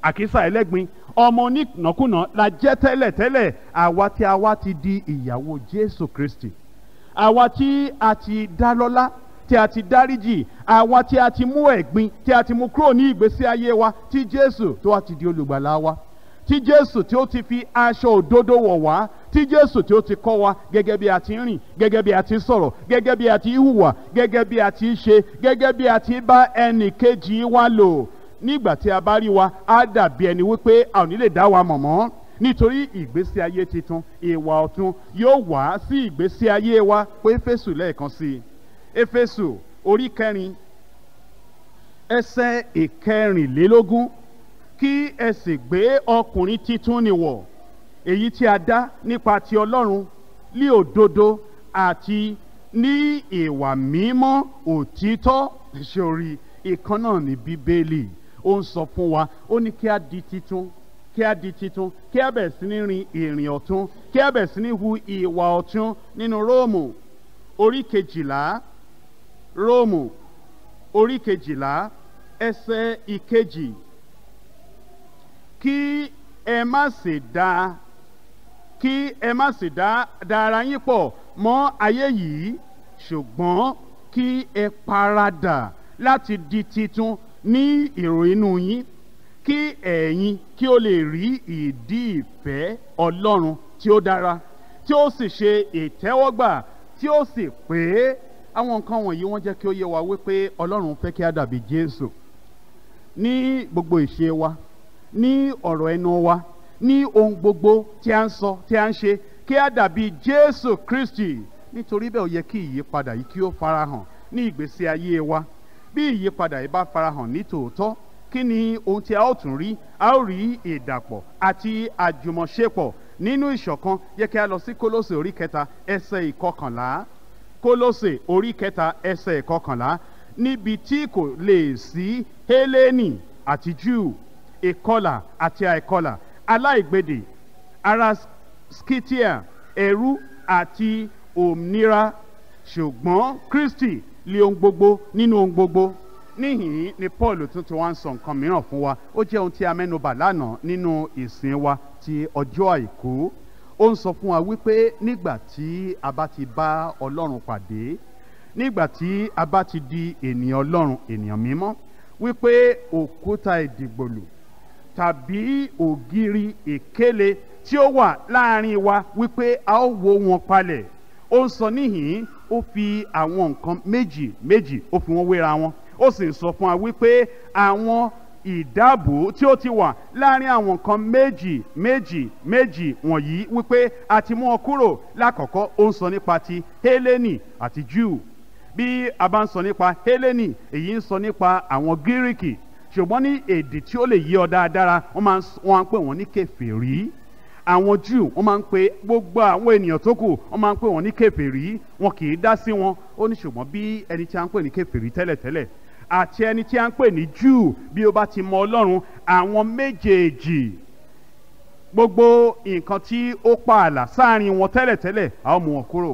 àkísà ẹlẹ́gbin ọmọ onínàkúnà la jẹ́ tẹ́lẹ̀tẹ́lẹ̀ àwa tí a wá ti di ìyàwó Jésù Kristi àwa tí a ti dá lọ́lá tí a ti dáríjì àwa tí a ti mú ẹ̀gbin tí a ti mú kúrò ní ìgbésí ayé wa tí Jésù tó wá ti di olùgbàlà wa tí Jésù tí ó ti fi aṣọ òdodo wọ̀ wá tí Jésù tí ó ti kọ́ wa gẹ́gẹ́ bí a ti rìn gẹ́gẹ́ bí a ti sọ̀rọ̀ gẹ́gẹ́ bí a ti hùwà gẹ́gẹ́ bí a ti ṣe gẹ́gẹ́ bí a ti bá ẹnì kejì wa lò nígbà tí a bá rí wa á dàbí ẹni wípé a ò dá wa mọ̀ mọ́ nítorí ìgbésí ayé titun ìwà ọ̀tun yóò wá sí ìgbésí ayé wa pé fèsù lẹ́ẹ̀kan sí i. Efeso, orí kẹrin ẹsẹ̀ ìkẹrìnlélógún kí ẹ sì gbé ọkùnrin titun nìwọ̀ èyí tí a dá nípa ti ọlọ́run ní òdodo àti ní ìwà mímọ́ òtítọ́ ṣòrí ìkan náà ní bíbélì ó ń sọ fún wa ó ní kí a di titun kí a di titun kí a bẹ̀rẹ̀ sí ní rin ìrìn ọ̀tún kí a bẹ̀rẹ̀ sí ní hu ìwà ọ̀tún nínú róòmù orí kejìlá róòmù orí kejìlá ẹsẹ̀ ìkejì kí ẹ má sì dá kí ẹ má sì dá dà ara yín pọ̀ mọ́ ayé yìí ṣùgbọ́n kí ẹ paradà láti di titun ní èrò yín kí ẹ̀yin kí o lè rí ìdí ìfẹ́ Ọlọ́run tí ó dára tí ó sì ṣe ìtẹ́wọ́gbà tí ó sì pé àwọn nǹkan wọ̀nyí wọ́n jẹ́ kí ó yé wa wípé ọlọ́run fẹ́ kí a dàbí jésù ní gbogbo ìṣe wa ní ọ̀rọ̀ ẹnu wa ní ohun gbogbo tí a ń sọ tí a ń ṣe kí a dàbí jésù kristi nítorí bẹ́ẹ̀ ó yẹ kí ìyípadà yìí kí ó farahàn ní ìgbésí ayé wa bí ìyípadà yìí bá farahàn ní tòótọ́ kí ni ohun tí a ó tún rí a ó rí ìdàpọ̀ àti àjùmọ̀ṣepọ̀ nínú ìṣọ̀kan yẹ kí a lọ sí kólósè orí kẹta ẹsẹ̀ ìkọkànlá kólósè orí kẹta ẹsẹ̀ kọkànlá níbi tí kò lè sí hélénì àti júù ìkọlà àti àìkọlà aláìgbèdè ara skitia ẹrú àti òmìnira ṣùgbọ́n kristi lé ohun gbogbo nínú ohun gbogbo níhìn ni paul tún ti wá ń sọ nǹkan mìíràn fún wa ó jẹ́ ohun tí a mẹ́nubà lánàá nínú ìsìn wa ti ọjọ́ àìkú ó ń sọ fún wa wípé nígbà tí a bá ti bá ọlọ́run pàdé nígbà tí a bá ti di ènìyàn ọlọ́run ènìyàn mímọ́ wípé òkúta ìdìgbòlù tàbí ògiri ìkélé tí ó wà láàrin wa wípé a ó wo wọn palẹ̀ ó ń sọ níhìn ó fi àwọn nǹkan méjì méjì ó fi wọn wéra wọn ó sì ń sọ fún wa wípé àwọn ìdábò tí ó ti wà láàrin àwọn nǹkan méjì méjì méjì wọ̀nyí wípé a ti mú ọ kúrò lákọ̀ọ́kọ́ ó ń sọ nípa ti Hélènì àti Júù bí a bá ń sọ nípa Hélènì èyí ń sọ nípa àwọn Gíríkì ṣùgbọ́n ní èdè tí ó lè yí ọ dáadáa wọ́n máa ń pè wọ́n ní kèfèrí àwọn Júù wọ́n máa ń pe gbogbo àwọn ènìyàn tó kù wọ́n máa ń pè wọ́n ní kèfèrí wọn kì í dá sí wọn ó ní ṣùgbọ́n bí ẹni tí a ń pè ní kèfèrí tẹ́lẹ̀tẹ́lẹ̀ àti ẹni tí a ń pè ní Júù bí ó bá ti mọ Ọlọ́run àwọn méjèèjì gbogbo nǹkan tí ó pa ààlà sáàrin wọn tẹ́lẹ̀tẹ́lẹ̀ a ó mú wọn kúrò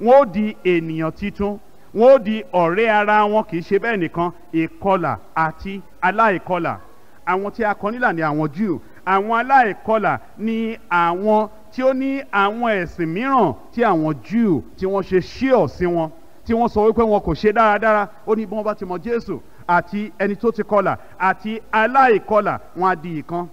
wọn ó di ènìyàn titun wọn ó di ọ̀rẹ́ ara wọn kì í ṣe bẹ́ẹ̀ nìkan ìkọlà àti aláìkọlà àwọn tí a kọ nílà ni àwọn Júù àwọn aláìkọlà ni àwọn tí ó ní àwọn ẹ̀sìn mìíràn tí àwọn Júù tí wọ́n ṣe ṣíọ̀ sí wọn. Si tí wọ́n sọ wípé wọn kò ṣe dáradára ó ní bí wọ́n bá ti mọ jésù àti ẹni tó ti kọlà àti aláìkọlà wọn á di ìkan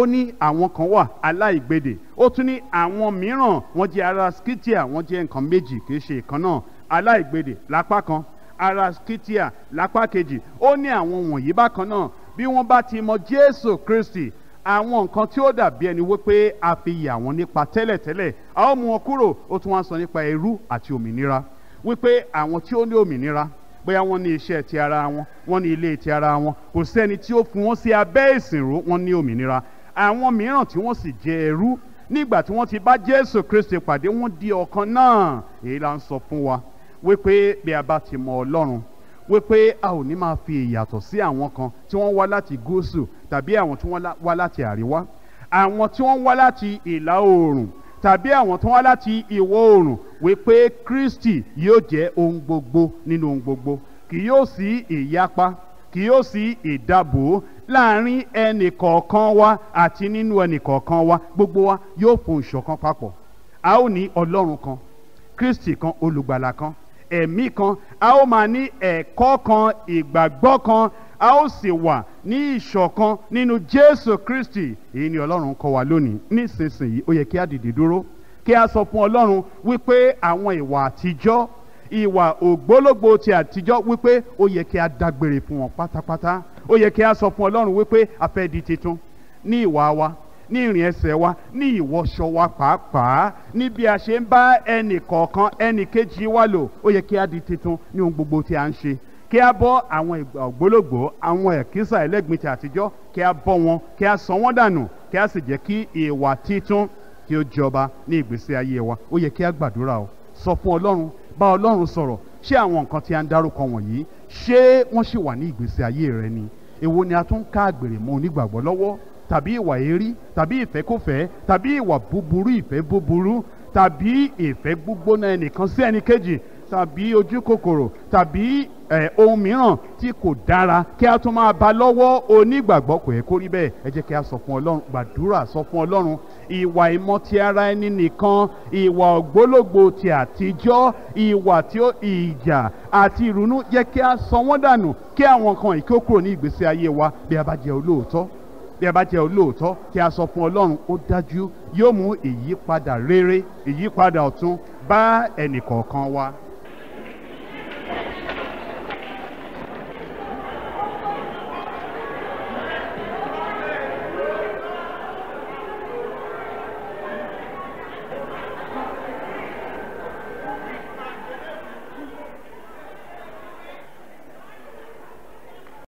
ó ní àwọn kan wà aláìgbèdè ó tún ní àwọn mìíràn wọ́n jẹ́ ara skitia wọ́n jẹ́ nǹkan méjì kì í ṣe ìkan náà aláìgbèdè lápá kan ara skitia lápá kejì ó ní àwọn wọ̀nyí bákan náà bí wọ́n bá ti mọ jésù kristi àwọn nǹkan tí ó dàbí ẹni wípé a fi yà wọ́n nípa tẹ́lẹ̀tẹ́lẹ̀ a ó mú wọn kúrò ó tún wá sọ nípa ẹrú àti òmìnira wípé àwọn tí ó ní òmìnira bóyá wọ́n ní iṣẹ́ ti ara wọn wọ́n ní ilé ti ara wọn kò sẹ́ni tí ó fún wọn sí abẹ́ ìsìnrú wọ́n ní òmìnira àwọn mìíràn tí wọ́n sì jẹ ẹrú nígbà tí wọ́n ti bá Jésù Kristi pàdé wọ́n di ọ̀kan náà èyí là ń sọ fún wa wípé bí a bá ti mọ Ọlọ́run wípé a ò ní máa fi ìyàtọ̀ sí àwọn kan tí wọ́n wá láti gúúsù tàbí àwọn tí wọ́n wá láti àríwá àwọn tí wọ́n wá láti ìlà oòrùn tàbí àwọn tó wá láti ìwọ oòrùn wípé kristi yóò jẹ́ ohun gbogbo nínú ohun gbogbo kì yóò sí ìyapa kì yóò sí ìdàbò láàrin ẹnì kọ̀ọ̀kan wa àti nínú ẹnì kọ̀ọ̀kan wa gbogbo wa yóò fún ìṣọ̀kan papọ̀ a ó ní ọlọ́run kan kristi kan olùgbàlà kan ẹ̀mí kan a ó máa ní ẹ̀kọ́ kan ìgbàgbọ́ kan a ó sì wà ní ìṣọ̀kan nínú Jésù Kristi èyí ni Ọlọ́run kọ́ wa lónìí nísinsìnyí ó yẹ kí a dìde dúró kí a sọ fún Ọlọ́run wípé àwọn ìwà àtijọ́ ìwà ògbólógbò ti àtijọ́ wípé ó yẹ kí a dágbére fún wọn pátápátá ó yẹ kí a sọ fún Ọlọ́run wípé a fẹ́ di titun ní ìwà wa ní ìrìn ẹsẹ̀ wa ní ìwọṣọ wa pàápàá ní bí a ṣe ń bá ẹnì kọ̀ọ̀kan ẹnì kejì wa lò ó yẹ kí a di titun ní ohun gbogbo tí a ń ṣe kí a bọ́ àwọn ògbólógbò àwọn ẹ̀kísà ẹlẹ́gbìntì àtijọ́ kí a bọ́ wọn kí a sọ wọ́n dànù kí a sì jẹ́ kí ìwà títún kí ó jọba ní ìgbésí ayé wa ó yẹ kí a gbàdúrà o sọ fún ọlọ́run bá ọlọ́run sọ̀rọ̀ ṣé àwọn nǹkan tí a ń dárúkọ wọ̀nyí ṣé wọ́n ṣì wà ní ìgbésí ayé rẹ ni èwo ni a tún ká àgbèrè mọ́ onígbàgbọ́ lọ́wọ́ tàbí ìwà èrí tàbí ìfẹ́kọ̀fẹ́ tàbí ìwà búburú ìfẹ́ búburú tàbí ìfẹ́ gbígbóná ẹnìkan sí ẹnìkejì tàbí ojú kòkòrò tàbí ohun mìíràn tí kò dára kí a tún máa ba lọ́wọ́ onígbàgbọ́ kò yẹ kó rí bẹ́ẹ̀ ẹ jẹ́ kí a sọ fún ọlọ́run gbàdúrà sọ fún ọlọ́run ìwà ìmọ̀ ti ara ẹni nìkan ìwà ògbólógbò ti àtijọ́ ìwà tí ó ìjà àti ìrònú jẹ́ kí a sọ wọ́n dànù kí àwọn kan ìkó kúrò ní ìgbésí ayé wa bí a bá jẹ́ olóòótọ́ bí a bá jẹ́ olóòótọ́ kí a sọ fún ọlọ́run ó dájú yóò mú ìyípadà rere ìyípadà ọ̀tun bá ẹnìkọ̀ọ̀kan wa